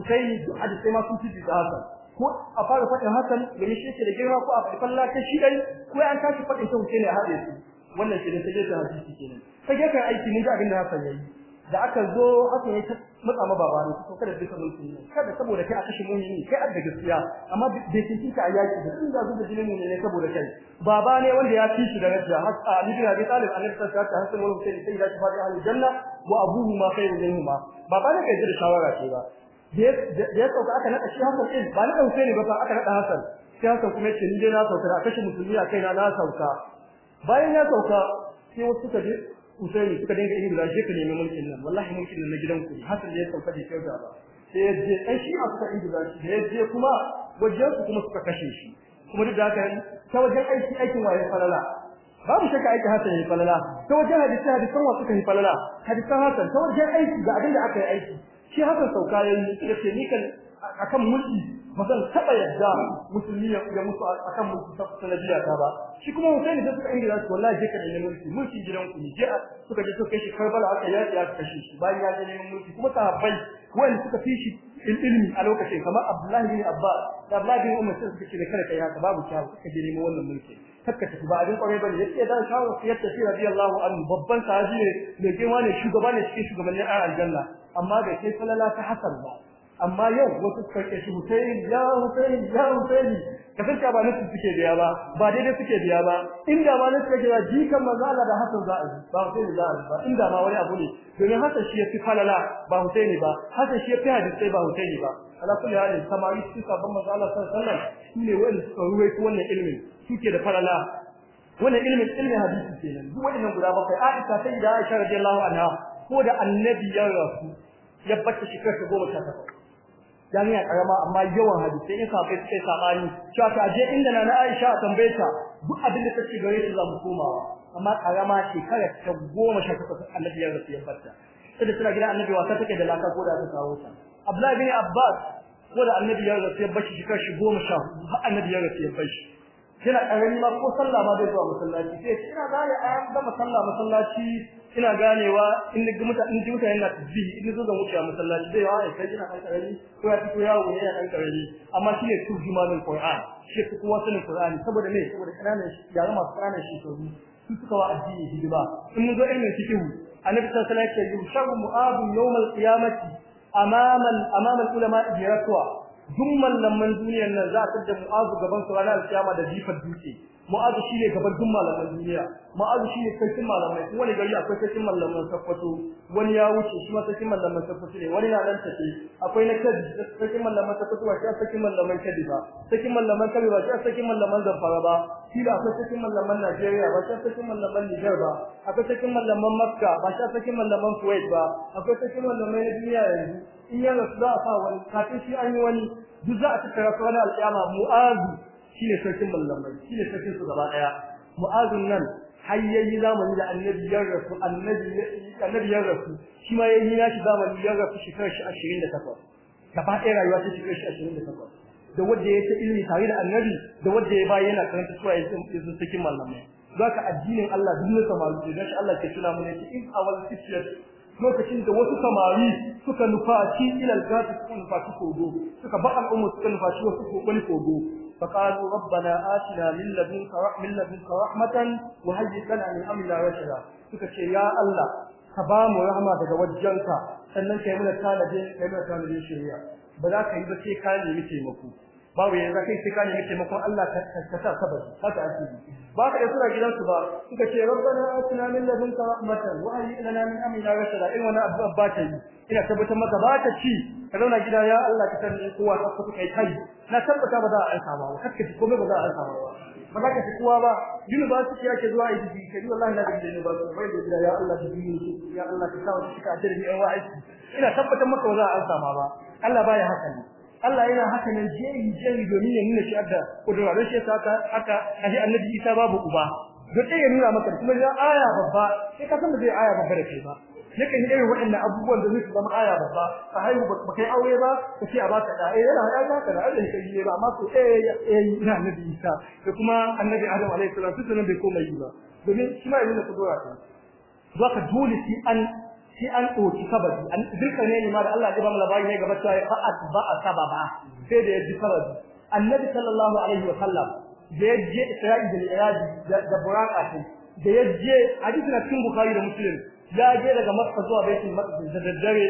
sai da hadisi ma sun fifita Hassan ko a fara faɗin hakan da ya ke da girma ko a falla ta shi dai ko an tashi faɗin ta Hussein ya haɗe su wannan shi da take ta hadisi kenan sai kai aiki mun ga abin da Hassan yayi da aka zo aka yi matsa ma baba ne ko kada bisa mun kada saboda kai a aka shi muni kai adda gaskiya amma bai tinki ka yaki da inda zuba jinin ne ne saboda kai baba ne wanda ya fi shi da rajja har a bin Abi Talib annabi sallallahu alaihi ta Hassan wal Hussein sai da fadi al janna wa abuhuma khayrun ma baba ne kai da shawara ce ba da ya sauka aka naɗa shi hasan ɗin ba naɗa Hussein ba aka naɗa Hassan sai Hassan kuma ce ni dai na sauka da kashe musulmi a kaina na sauka bayan ya sauka sai wasu suka je Hussein suka dinga irin lashe ka nemi mulkin nan wallahi mulkin nan na gidanku Hassan da ya sauka da kyauta ba sai ya je ɗan shi a suka inda shi da ya je kuma wajen su kuma suka kashe shi kuma duk da haka ta wajen aiki aikin waye falala babu shakka aiki Hassan ya yi falala ta wajen hadisi hadisan wasu suka yi falala hadisan Hassan ta wajen aiki ga abin da aka yi aiki shi haka sauka yayi yace ni kan akan mulki zan taɓa yadda musulmi ya mutu akan mulki ta sanadiya ta ba shi kuma Hussein da suka ingila su wallahi je ka da mulki mulki gidan ku je suka je suka shi Karbala aka yaki aka kashe shi bayan ya je mulki kuma sahabbai wanda suka fi shi ilimi a lokacin kamar Abdullahi bin Abbas da Abdullahi bin Umar suka ce kada kai haka babu kyawu suka je neman wannan mulki takka tafi ba abin kwarai bane yace dan shawo sai ya tafi radiyallahu anhu babban sahabi ne mai girma ne shugaba ne cikin shugabannin aljanna amma da kai salala ta hasan ba amma yau wasu karke shi Hussein ya Hussein ya Hussein ka ba nasu suke biya ba ba daidai suke biya ba inda ba ne suke biya jikan manzo Allah da Hassan za a yi ba Hussein za a yi ba inda ma wani abu ne domin Hassan shi ya fi falala ba Hussein ba Hassan shi ya fi sai ba Hussein ba ala kulli halin samari shi ka ban manzo Allah sallallahu alaihi wasallam shine wani suka ruwaito wannan ilmin suke da falala wannan ilmin ilmi hadisi kenan duk wannan guda bakwai Aisha sai da Aisha radiyallahu anha ko da annabi ya rasu yabbata shi kashi goma sha takwas jami'a karama amma yawan sai in ka kai sai sabani cewa ta je inda na Aisha a tambaye ta duk abin da take gare shi za mu komawa amma karama shekara ta goma sha takwas annabi ya rasu yabbata sai da tana gida annabi ta take da laka ko da ta kawo ta Abdullahi bin Abbas ko da annabi ya rasu yabbata shi kashi shi goma sha har annabi ya rasu yabbata kina yana karami ma ko sallah ma bai zuwa masallaci sai kina zai a yan da masallaci ina ganewa in ga mutane in ji mutane na bi in zo zan wuce a masallaci zai yawa kai ina kan karami ko ya fito yawo ne ya kan karami amma shi ne turji malin Qur'an shi ku kuwa sanin Qur'ani saboda me saboda kananan shi yara masu kananan shi to su suka wa addini hidima in mun zo ilmin fiqhu annabi sallallahu alaihi wasallam ya ce yusharu mu'adu yawm al-qiyamati amaman amama al-ulama bi rakwa duk mallaman duniyar nan za ta da mu'adu gaban su ranar kiyama da jifar dutse shi ne gaban duk malaman duniya shi ne sarkin malamai wani gari akwai sarkin malaman sakwato wani ya wuce shi ma sarkin malaman sakwato ne wani na nan take akwai na kadi sarkin malaman sakwato ba shi sarkin malaman kadi ba sarkin malaman kadi ba shi sarkin malaman zamfara ba shi da akwai sarkin malaman Najeriya ba shi sarkin malaman Niger ba akwai sarkin malaman Makka ba shi sarkin malaman Kuwait ba akwai sarkin malaman duniya yanzu in yana su za a sa wani kafin shi an yi wani duk za a tattara su wani alƙiyama mu'azu Shi ne sarkin mallamai ne sarkin su gaba daya mu'azin nan har zamani da annabi ya rasu annabi annabi rasu shi ma yayi na shi zamani ya rasu shekarar shi ashirin da 28 gaba ɗaya rayuwa ta shekarar shi ashirin da takwas. Da wanda ya ta ilimi tare da annabi da wanda ya bayyana yana karanta sura yayin sarkin mallamai ka addinin Allah duk samari da shi Allah ke tuna mu ne in awal fitiyat lokacin da wasu samari suka nufa nufaci ilal gati suka nufaci kogo suka ba al'umma suka nufa nufaci wasu wani kogo فقالوا ربنا آتنا من لدنك رحمة من لدنك رحمة وهيئ لنا من أمرنا رشدا سكتي يا الله كبام رحمة daga wajjanka sannan kai mana tanadin kai mana shari'a ba za ka yi ba sai ka taimako babu yanzu kai sai ka nemi taimakon Allah ka sa sabari haka ake yi ba ka da sura gidansu ba suka ce rabbana atina min ladunka rahmatan wa hayyi lana min amrina rashada in wani abu ba ta ina tabbatar maka ba ta ci ka zauna gida ya Allah ka tanni kowa ka fita kai kai na tabbata ba za a alsa ba haka ki komai ba za a alsa ba ba za ka ci kowa ba university yake zuwa IDB kai wallahi na da university bai da gida ya Allah da dini ya Allah ka sa shi ka tarbi ai wa ina tabbatar maka ba za a alsa ba Allah baya haka ne Allah yana haka nan jehi jehi domin ya nuna shi adda kudura don shi saka aka kashi annabi Isa babu uba don ɗaya ya nuna maka kuma ya aya babba sai ka san da zai aya babba da ke ba yakan yi irin waɗannan abubuwan da zai zama aya babba ka haihu ba kai aure ba ka ce a baka da eh yana ya baka da Allah sai yi ba amma ko eh eh ina annabi Isa da kuma annabi Adam alaihi salatu wasallam bai komai yi ba domin shi ma yana kudura ta zaka dole sai an sai an ɗoki sababi an dirka ne ma da Allah ya ba mu labari ne gaba cewa fa ba sababa sai da ya ji annabi sallallahu alaihi wa sallam da ya je Isra'i da Iraj da Buraka shi da ya je hadisi na cikin Bukhari da Muslim ya je daga Makka zuwa Baitul Maqdis da daddare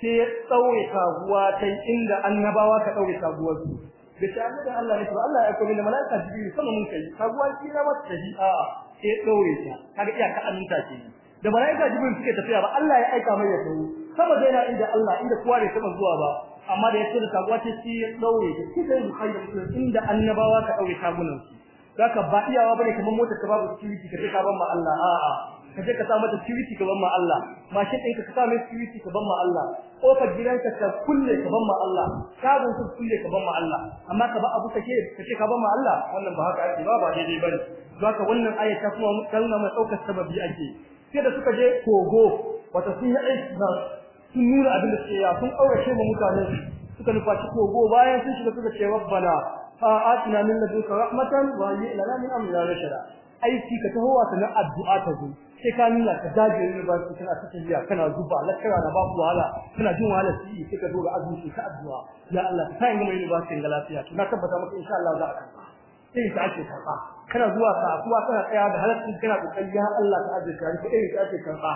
sai ya tsaure kaguwa ta inda annabawa ka tsaure kaguwar su da tare da Allah ne to Allah ya kuma da malaika jibril sama mun kai kaguwa shi na shi tabi'a sai ya tsaure ta kaga iya ka aminta shi da malaika jibril suke tafiya ba Allah ya aika mai ya tawo sama da yana inda Allah inda kowa ne sama zuwa ba amma da yake da taguwa ce shi ya daure ta cikin bukhari inda annabawa ka daure tagunan su zaka ba iyawa bane kamar motar ka babu security ka take ban ma Allah a'a ka je ka samu security ka ban ma Allah mashin ɗinka ka samu security ka ban ma Allah kofar gidanka ka kulle ka ban ma Allah shagon ka kulle ka ban ma Allah amma ka ba abu kake ce ka ban ma Allah wannan ba haka ake ba ba daidai bane zaka wannan ayat ta kuma kalma mai daukar sababi ake sai da suka je kogo wata sun yi aiki na sun nuna abin da suke ya sun aurace ma mutane suka nufaci kogo bayan sun shiga suka ce rabbana atina min ladunka rahmatan wa hayyi lana min amrina rashada aiki ka taho wata na addu'a ta zo sai ka nuna ka dage ne ba su kana ta tafiya kana zuba lakara na ku wahala kana jin wahala sai ka zo ga azumi ka addu'a ya Allah ka yi mai ba cikin lafiya na tabbata maka insha Allah za a sai ta ake karba kana zuwa kasuwa kana tsaya da halarci kana kokari ya Allah ta azurta ni sai ta ake karba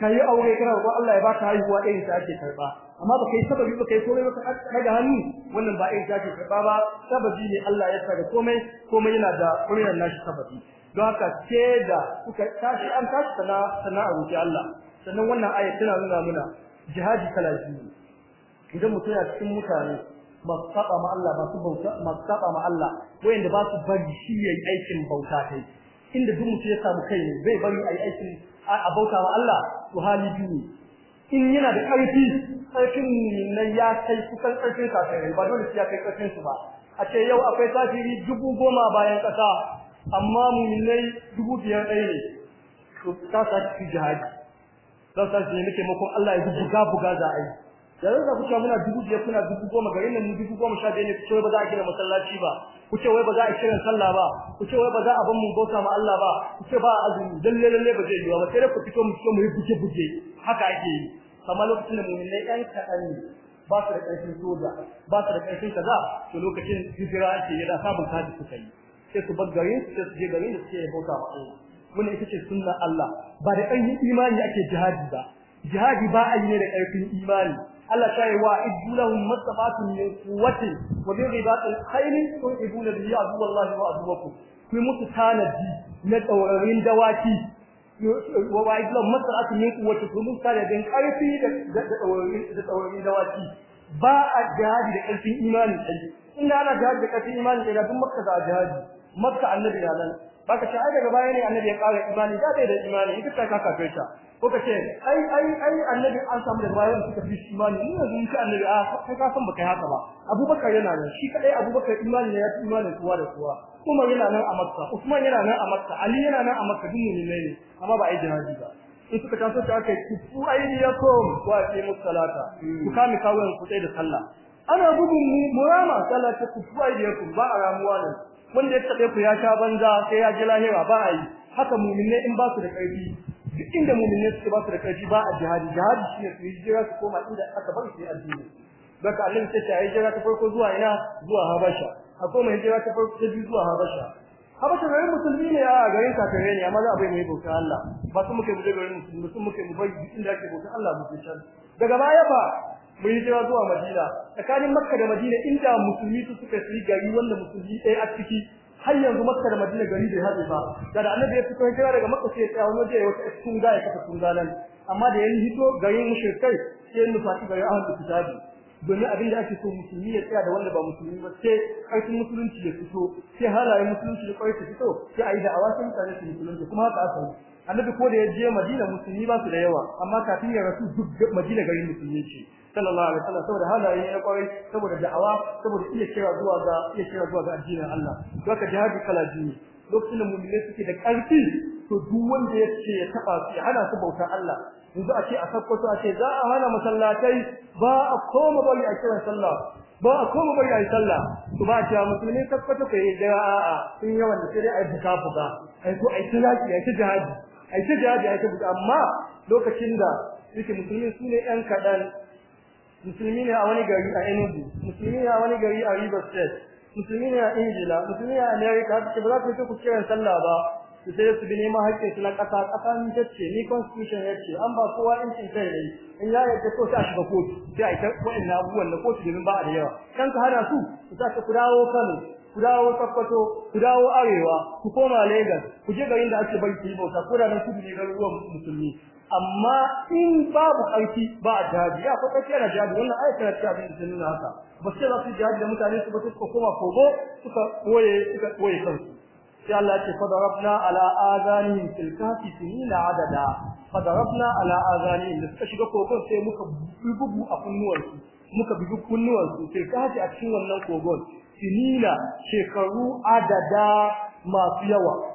kai aure kana roƙon Allah ya baka haihuwa sai ta ake karba amma ba kai sababi ba kai komai ba ka daga hannu wannan ba sai ta ake karba ba sababi ne Allah ya saka komai komai yana da kullun nashi sababi don haka ce da kuka tashi an tashi sana sana'a wuce Allah sannan wannan ayatu na nuna muna jihadi talaji idan mutum yana cikin mutane masu saba ma Allah masu bauta masu ma Allah wayanda ba su bari shi yayi aikin bauta kai inda duk mutum ya samu kai ne bai bari ayi aikin a bauta ma Allah to hali biyu in yana da ƙarfi karfin nan ya kai kusan ƙarfin kafirai ba dole shi ya kai ƙarfin su ba a ce yau akwai kafiri dubu goma bayan kasa amma ne dubu biyar ɗaya ne to ta sa ki jihadi za su ne nake makon Allah ya buga buga za a yi da rinka kuka muna dubu biyar kuna dubu goma garin nan dubu goma sha biyar ne kuce ba za a kira masallaci ba kuce wai ba za a kira sallah ba kuce wai ba za a ban mun bauta ma Allah ba kuce ba azumi lalle lalle ba zai yi ba sai ku fito mu fito mu yi buke buke haka ake yi kamar lokacin da ne ɗan kaɗan ne ba su da ƙarfin soja ba su da ƙarfin kaza to lokacin hijira ake yi da sabon kaji suka yi sai su bar garin sai su je garin da suke bauta ma Allah wannan ita ce sunnar Allah ba da ɗan imani ake jihadi ba jihadi ba a yi ne da ƙarfin imani Allah ta yi wa idulahum mastafatun min quwwatin wa bi ribatil khayli tu'ibuna bihi aduwallahi wa aduwakum ku mutu tanadi na tsaurarin dawaki wa wa idulahum mastafatun min quwwatin ku mutu tanadin karfi da da tsaurarin dawaki ba a jihadi da karfin imani sai in ana jihadi da karfin imani sai da duk makka da jihadi makka annabi ya nan baka shi daga baya ne annabi ya kara imani da bai da imani ita ta kaka kai ko ce ai ai ai annabi an samu da bayan suka fi imani ne yanzu ka annabi a ah, kai ka san baka haka ba abubakar yana nan shi kadai abubakar imani ne ya fi imani kuwa da kuwa kuma yana nan a makka usman yana nan a makka ali yana nan a makka duk ne ne amma ba ai jinaji ba in suka taso ta kai ku aydiyakum wa aqimus salata ku kame kawun ku tsaye da sallah ana bugun murama sallah ta ku aydiyakum ba a ramuwa ne wanda ya tabe ku ya sha banza sai ya ji lahira ba ai haka mu'minne in ba su da kaifi duk inda mu'minin suke ba su da ƙarfi ba a jihadi jihadi shi ne su hijira su koma inda aka bar su addini daga Allah ta ce ai jira ta farko zuwa ina zuwa Habasha akwai mai jira ta farko ta zuwa Habasha Habasha garin musulmi ne a garin kafirai ne amma za a bai mai bauta Allah ba su muke buje garin musulmi su muke bai inda ake bauta Allah mu shan daga baya ba mu hijira zuwa Madina tsakanin Makka da Madina inda musulmi su suka yi gari wanda musulmi ɗaya a ciki har yanzu makka da madina gari bai haɗe ba da annabi ya fito hijira daga makka sai ya tsaya wani waje ya wata tunga ya kafa tunga nan amma da yayi hito garin mushrikai sai ya nufa ga ahlul kitabi domin abin da ake so musulmi ya tsaya da wanda ba musulmi ba sai ƙarfin musulunci ya fito sai halayen musulunci ya ta fito sai a yi da awasin mutane su musulunci kuma haka aka yi annabi ko da ya je madina musulmi ba su da yawa amma kafin ya rasu duk madina gari musulmi ce sallallahu alaihi wasallam saboda halaye na kwarai saboda da'awa saboda iya cewa zuwa ga iya cewa zuwa ga addinin Allah doka jihadi kala biyu lokacin da mu'mini suke da ƙarfi to duk wanda ya ce ya taba su hana su bauta Allah yanzu a ce a sako su a ce za a hana masallatai ba a koma bari a kira sallah ba a koma bari a yi sallah to ba ta musulmi tabbata ko yi da a'a sun yawan da sai dai a yi buka buka ai ko ai ta yaki ai ta jihadi ai ta jihadi ai ta buka amma lokacin da yake musulmi su ne ɗan kaɗan musulmi ne a wani gari a Enugu musulmi ne a wani gari a river State musulmi ne a Ingila musulmi ne a America ce ba za ku ku kiran sallah ba su sai su bi neman haƙƙin su na ƙasa ƙasa ni ce ni constitution ce. an ba kowa incin kai ne in ya yarda ko sai a shiga kotu sai a ita wa'annan abubuwan na kotu domin ba a da yawa kan ka hada su ku sa ku dawo Kano ku dawo Sokoto ku dawo Arewa ku koma Lagos ku je garin da ake yi bauta ko da nan kudu ne garuruwan musulmi amma in babu ƙarfi ba jihadi ya fa kace na jihadi wannan ayat tana cewa bin na haka ba sai za su jihadi da mutane su ba su koma kogo suka koye suka koye kansu sai Allah ce fadarabna ala azani fil kafi sinina adada fadarabna ala azani da suka shiga kogon sai muka bugu a kunnuwansu muka bugu kunnuwansu fil kafi a cikin wannan kogon sinina shekaru adada masu yawa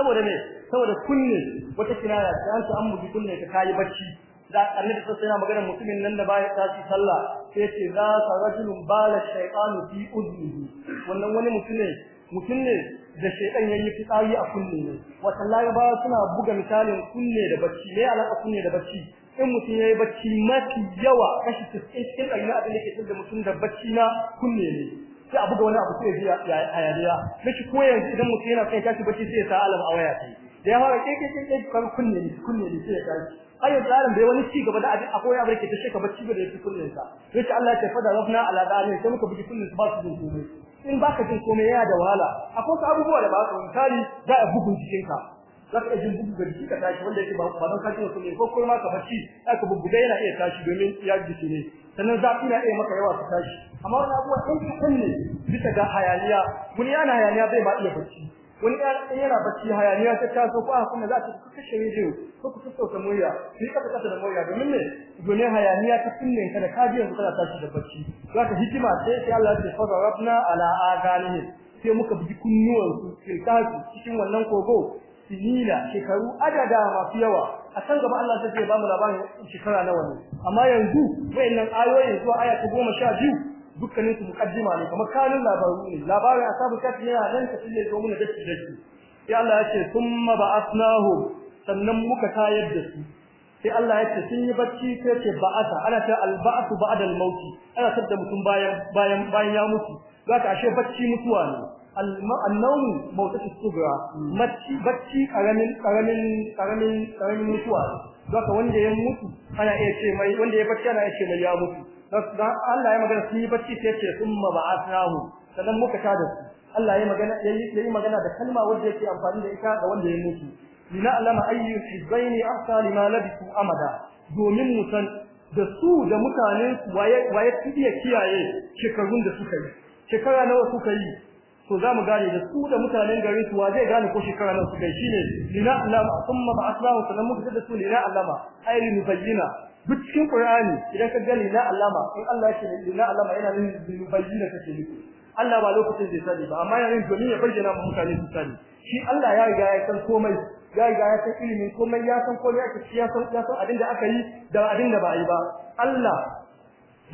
saboda me saboda kunne wata kinaya da an samu bi kunne ta kai bacci da da sallallahu alaihi magana mutumin nan da baya tashi sallah sai ce za ka rajulun bala shaytanu fi udhihi wannan wani mutum ne da shaytan yayi fitsari a kunne ne wata ba suna buga misalin kunne da bacci ne alaka kunne da bacci in mutum yayi bacci mafi yawa kashi 90 cikin ɗari na abin da ke da mutum da bacci na kunne ne sai a buga wani abu sai ji hayaniya miki ko yanzu idan mutum yana kai tashi bacci sai ya sa alam a waya sai da ya fara kike kike kan kunne ni kunne ne sai ya tashi ai alam bai wani ci gaba da abin akwai barke ta tashi ka bacci ba da yake kunnen sa yace Allah ya fada rafna ala dalil sai muka bugi kunnen ba su jin komai in baka jin komai yana da wahala akwai su abubuwa da ba su misali za a bugun cikin ka zaka jin bugu ga ka tashi wanda yake ba ba don kace mutum ne ko kuma ka bacci ka bugu yana iya tashi domin ya jiki ne sannan zafi na iya maka yawa su tashi amma wani abuwa ɗan kaɗan ne bisa ga hayaniya wani yana hayaniya zai ma iya bacci wani ɗan yana bacci hayaniya ta taso ko a kunna za ta kashe rediyo ko ku sassauta murya su yi kasa da murya domin ne domin hayaniya ta kunne kada da kajiyar yanzu da tashi da bacci za ka hikima sai sai Allah ya fara rabna ala aganihi sai muka bi kunnuwar su cikin wannan kogo sinina shekaru adada masu yawa a san gaba Allah zai ba mu labarin shekara nawa ne amma yanzu wayannan ayoyin zuwa aya ta goma sha biyu dukkanin su mukaddima ne kamar kalin labaru ne labarin asabu kat ne nan ta da zo mun da shi da sai Allah ya ce thumma ba'athnahu sannan muka tayar da su sai Allah ya ce sun yi bacci sai ce ba'atha ana ta alba'atu ba'da al-mauti ana tabda mutum bayan bayan bayan ya mutu zaka ashe bacci mutuwa ne annawmu mautatu sugra macci mm. bacci karamin karamin karamin karamin mutuwa zaka wanda ya mutu ana iya ce mai wanda ya bacci ana iya ce mai ya mutu dan Allah ya magana sun yi bacci sai ce summa ba'athnahu sannan muka ta da su Allah ya magana yayi magana da kalma wanda yake amfani da ita da wanda ya mutu lina alama ayyu hizbaini ahsa lima labisu amada domin mutan da su da mutanen su waye waye kiyaye shekarun da suka yi shekara nawa suka yi to za mu gane da su da mutanen garin su wa zai gane ko shekara nan su kai shine lina alama thumma ba'athnahu sannan muka da su lina alama ay li nubayyina duk cikin qur'ani idan ka gani lina alama in Allah ya ce lina alama yana nuna nubayyina kace ni Allah ba lokacin zai sani ba amma yayin domin ya bayyana mu mutane su sani shi Allah ya riga ya san komai ya riga ya san ilimin komai ya san komai ake ya san ya san abin da aka yi da abin da ba a yi ba Allah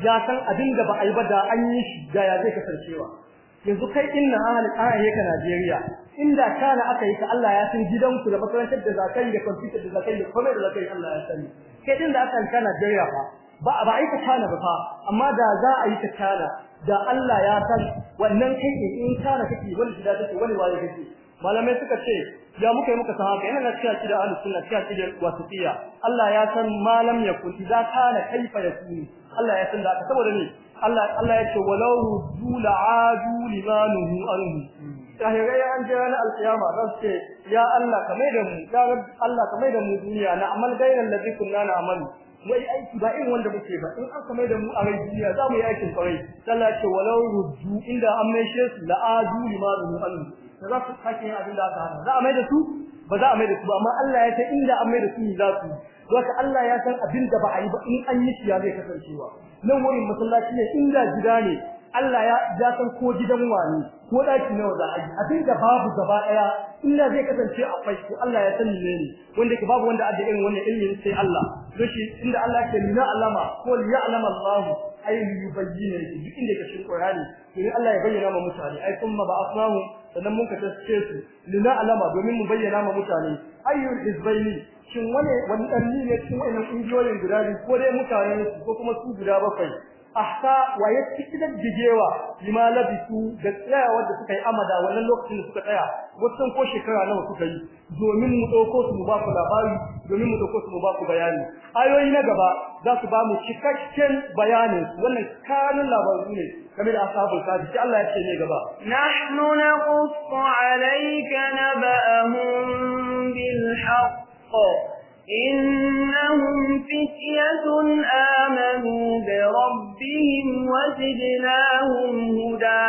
ya san abin da ba a yi ba da an yi shi da ya zai kasancewa yanzu kai inna ahli an yi ka Najeriya inda kana aka yi ka Allah ya san gidanku da makarantar da zakai da computer da zakai da komai da zakai Allah ya sani kai din da aka kana Najeriya fa ba ba ai ka kana ba fa amma da za a yi ka kana da Allah ya san wannan kai in kana kake wani da kake wani waye kake malamai suka ce ya muka yi muka san haka ina yana gaskiya kida ahlus sunna kiya kida wasitiya Allah ya san malam ya yakun idza kana kaifa yakun Allah ya san da saboda ne Allah Allah ya ce walau ruddu la'adu limanuhu anhu kahirai an jira na alkiyama za su ce ya Allah ka mai da mu ya Allah ka mai da mu duniya na amal gairan ladhi kunna na amal wai aiki ba irin wanda muke ba in an ka mai da mu a rai duniya za mu yi aikin kwarai Allah ya walau ruddu inda an mai shesu la'adu limanuhu anhu da za su sake yin abin da aka hana za a mai da su ba za a mai da su ba amma Allah ya san inda an mai da su za su zaka Allah ya san abin da ba a yi ba in an yi shi ya zai kasancewa nan wurin masallaci ne inda gida ne Allah ya ya san ko gidan wani ko daki nawa za a yi abin da babu gaba daya inda zai kasance akwai ko Allah ya san ne wanda ke babu wanda adda irin wannan ilmin sai Allah dashi inda Allah ke nuna alama ko ya'lamu Allah ay yubayyana duk inda ke cikin Qur'ani to Allah ya bayyana ma mutane ai kuma ba asnamu sannan mun ka tace su lina alama domin mu bayyana ma mutane ayyu hizbaini shin wane dan ne cikin wannan ungiyoyin guda biyu ko dai mutanen su ko kuma su guda bakwai ahsa wa yattida dijewa lima labisu da tsayawa da suka yi amada wannan lokacin da suka tsaya wasan ko shekara nawa suka yi domin mu dauko su ba ku labari domin mu dauko su ba ku bayani ayoyi na gaba za su ba mu cikakken bayani wannan karin labarin ne game da ashabul kafi sai Allah ya ce ne gaba nahnu naqussu alayka naba'ahum bil haqq إنهم فتية آمنوا بربهم وزدناهم هدى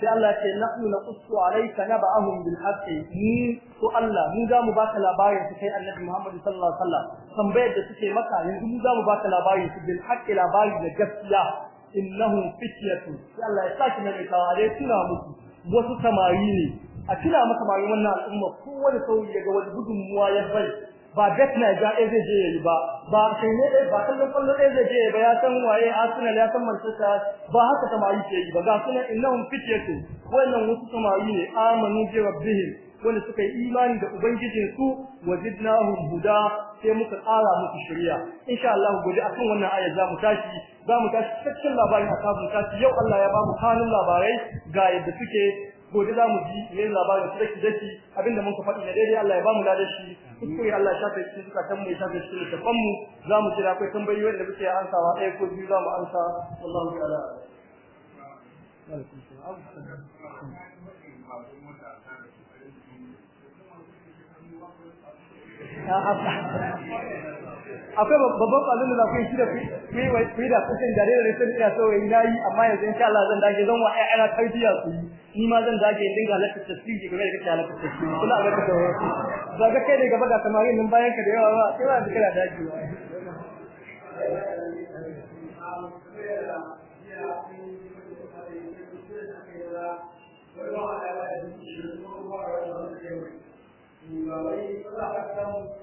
سألة نحن نقص عليك نبعهم بالحق مين الله مين دا مباك الأباية سكي محمد صلى الله عليه وسلم سنبيد سكي مكة ينقل يعني مين دا مباك الأباية سكي بالحق الأباية جسيا إنهم فتية سألة إساكنا بكاري سنا مكي وسو سمايني أكنا مكما يمنى الأمة كوالي سوية وزدهم وايبالي ba bet na ga eze zai je ba ba sai ne ba kallon da kullu zai je ya ba ya san waye Arsenal ya san Manchester ba haka samari ke yi ba ga sunan innahum fityatu wannan wasu samari ne amanu je rabbihi wanda suka yi imani da ubangijin su wajidnahum huda sai muka kara musu shari'a insha Allah gobe akan wannan aya za mu tashi za mu tashi cikin labarin akan tashi yau Allah ya ba mu kanun labarai ga yadda suke gobe za mu ji yayin labarin su da daki abinda mun ka faɗi na daidai Allah ya ba mu ladashi kuskure Allah ya shafe cikin suka mu ya shafe cikin littafan mu za mu jira akwai tambayi wanda muke wa ɗaya ko biyu za mu ansa wallahu ta'ala Thank you. akwai babban kwallon da ku shi da ku yi da kusan da rere sun tsaya so yayi nayi amma yanzu insha Allah zan dage zan wa ayyana tarbiya su ni ma zan dage in dinga halatta tasbihi game da kace halatta tasbihi kula ga ka dawo ba ka kai ne gaba da samarin nan bayan ka da yawa ba sai ba kira da dage Thank you.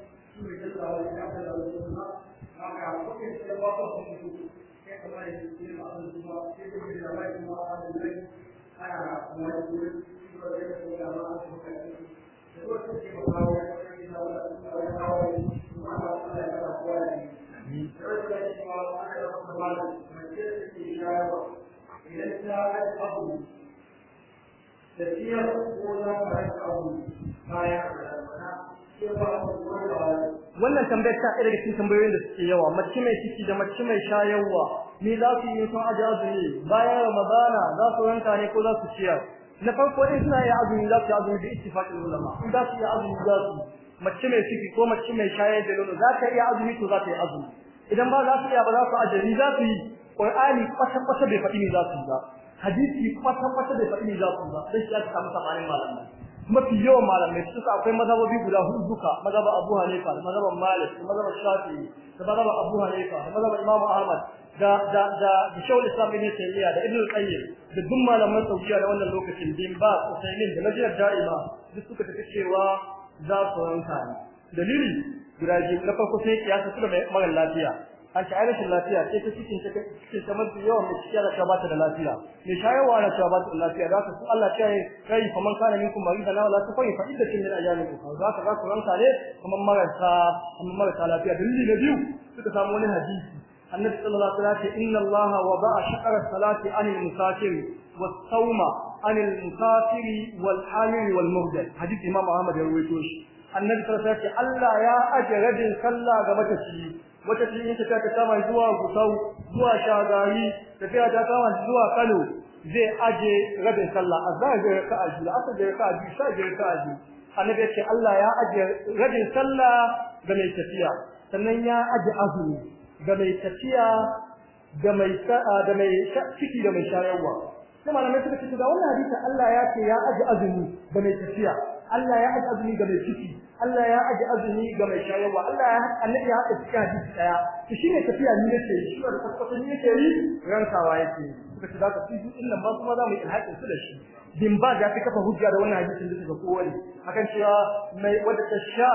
Tafiyar ko za ka rasa abu bayan da wannan tambayar ta ɗaya daga cikin tambayoyin da suke yawa mace mai ciki da mace mai shayarwa me za su yi sun aje azumi bayan ramadana za su ranta ne ko za su ciyar na farko in suna yi azumi za su yi azumi da ittifaqin ulama in za su yi azumi za su mace mai ciki ko mace mai shayar da nono za ta iya azumi to za ta yi azumi idan ba za su iya ba za su ni za su yi qur'ani kwata kwata bai faɗi ne za su yi ba hadisi kwata kwata bai faɗi ne za su yi ba sai ya samu sabanin malamai mafi yawan malamai su suka akwai mazhabobi guda hudu duka mazhabin Abu Hanifa mazhabin Malik mazhabin Shafi'i mazhabin Abu Hanifa mazhabin Imam Ahmad da da da da Shaul Islam Taymiyyah da Ibn Qayyim da duk malaman Saudiya da wannan lokacin din ba Usaimin da Najiyar Da'ima duk suka tafi cewa za su ranka dalili guda biyu na farko sai kiyasa su da mara lafiya an ta aisha lafiya sai ta cikin ta cikin ta mafi yawan da cikin ta ba ta da lafiya me shayarwa na ta ba ta da lafiya da su Allah ta yi kai kuma kana minkum maridan la la koyi fa idda min ajalikum za ka za ku ranka ne kuma marasa kuma marasa lafiya dalili na biyu suka samu wani hadisi annabi sallallahu alaihi wasallam ya inna allaha wada'a shaqara salati anil musafir was-sawma anil musafir wal-hamil wal-muhdad hadisi imam ahmad ya rawaito shi annabi sallallahu alaihi wasallam ya Allah ya ajira din sallah ga matafiyi wata cikin ta ta kama zuwa Gusau zuwa Shagari tafiya ta kama zuwa Kano zai aje rabin sallah azhar da raka'a biyu asar da raka'a biyu sha da raka'a biyu annabi ya ce Allah ya aje rabin sallah ga mai tafiya sannan ya aje azumi ga mai tafiya da mai da mai ciki da mai shayarwa sai malamai suka ce ga wannan hadisi Allah ya ce ya aje azumi ga mai tafiya Allah ya aje azumi ga mai ciki Allah ya aji azumi ga mai shayarwa Allah ya annabi ya haɗa cikin hadisi daya to shine tafiya ni yake yi shi da kwakwata ni yake yi rankawa yake suka ci zaka fiji illa ba kuma za mu yi alhaƙin su da shi bin ba da ta kafa hujja da wannan hadisin da suka kowani akan cewa mai wadda ta sha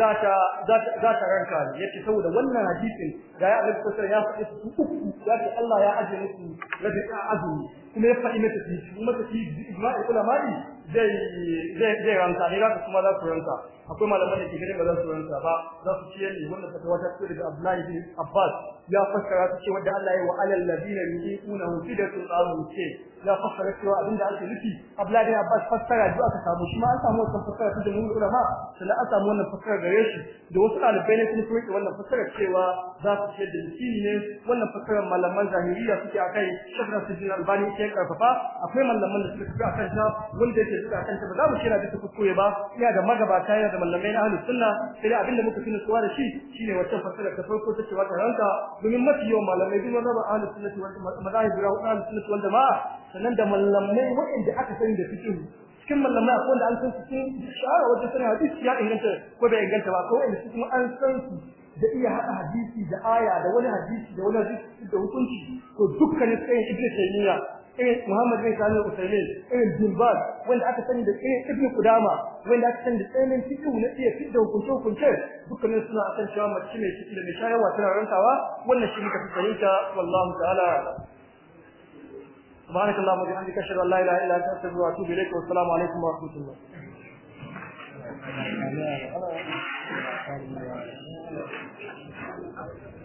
za ta za ta za saboda wannan hadisin ga ya Allah kusa ya faɗi su uku za ta Allah ya ajiye musu rabita azumi kuma ya faɗi mata su kuma ta ci ijma'i ulama'i zai zai ranka ne zaka kuma za su ranta akwai malaman da ke ganin ba za su ranta ba za su ce ne wanda ta wata ce daga Abdullahi bin Abbas ya fassara su ce wanda Allah ya wa alal ladina yuqina hu fidatun azum ce ya fassara cewa abinda ake nufi Abdullahi bin Abbas fassara duk aka samu shi ma an samu wannan fassara ta jami'ul ulama sannan an samu wannan fassara gare shi da wasu ɗalibai ne sun koyi wannan fassara cewa za su ce da miskini ne wannan fassarar malaman zahiriya suke akai shakra sujin albani ke karfafa akwai malaman da suke akan ta wanda yake suka kanta ba za mu kira bisa kuskure ba ina da magabata yana da mallamai na ahlus sunna sai abin da muka tunuwa da shi shine wacce fasara ta farko ta cewa ranka domin mafi yawan malamai duk wanda ba ahlus sunna wanda mazahib ra ahlus sunna wanda ma sannan da mallamai wanda aka sani da cikin cikin mallamai akwai wanda an san su cikin shara wacce suna hadisi ya inganta ko bai inganta ba ko wanda su kuma an san su da iya haɗa hadisi da aya da wani hadisi da wani hadisi da hukunci to dukkanin tsayin ibnu taymiya irin eh, Muhammad bin Sami Usaimin irin eh, Bilbal wanda aka sani da irin eh, Ibn kudama wanda aka sani da tsamin fiqh na iya fiqh da hukunce hukunce dukkanin suna akan cewa mace mai ciki da mai shayarwa tana rantawa wannan shi ne ka fitare ta wallahu ta'ala سبحانك اللهم وبحمدك اشهد ان لا اله الا انت استغفرك واتوب اليك والسلام عليكم ورحمه الله Thank you.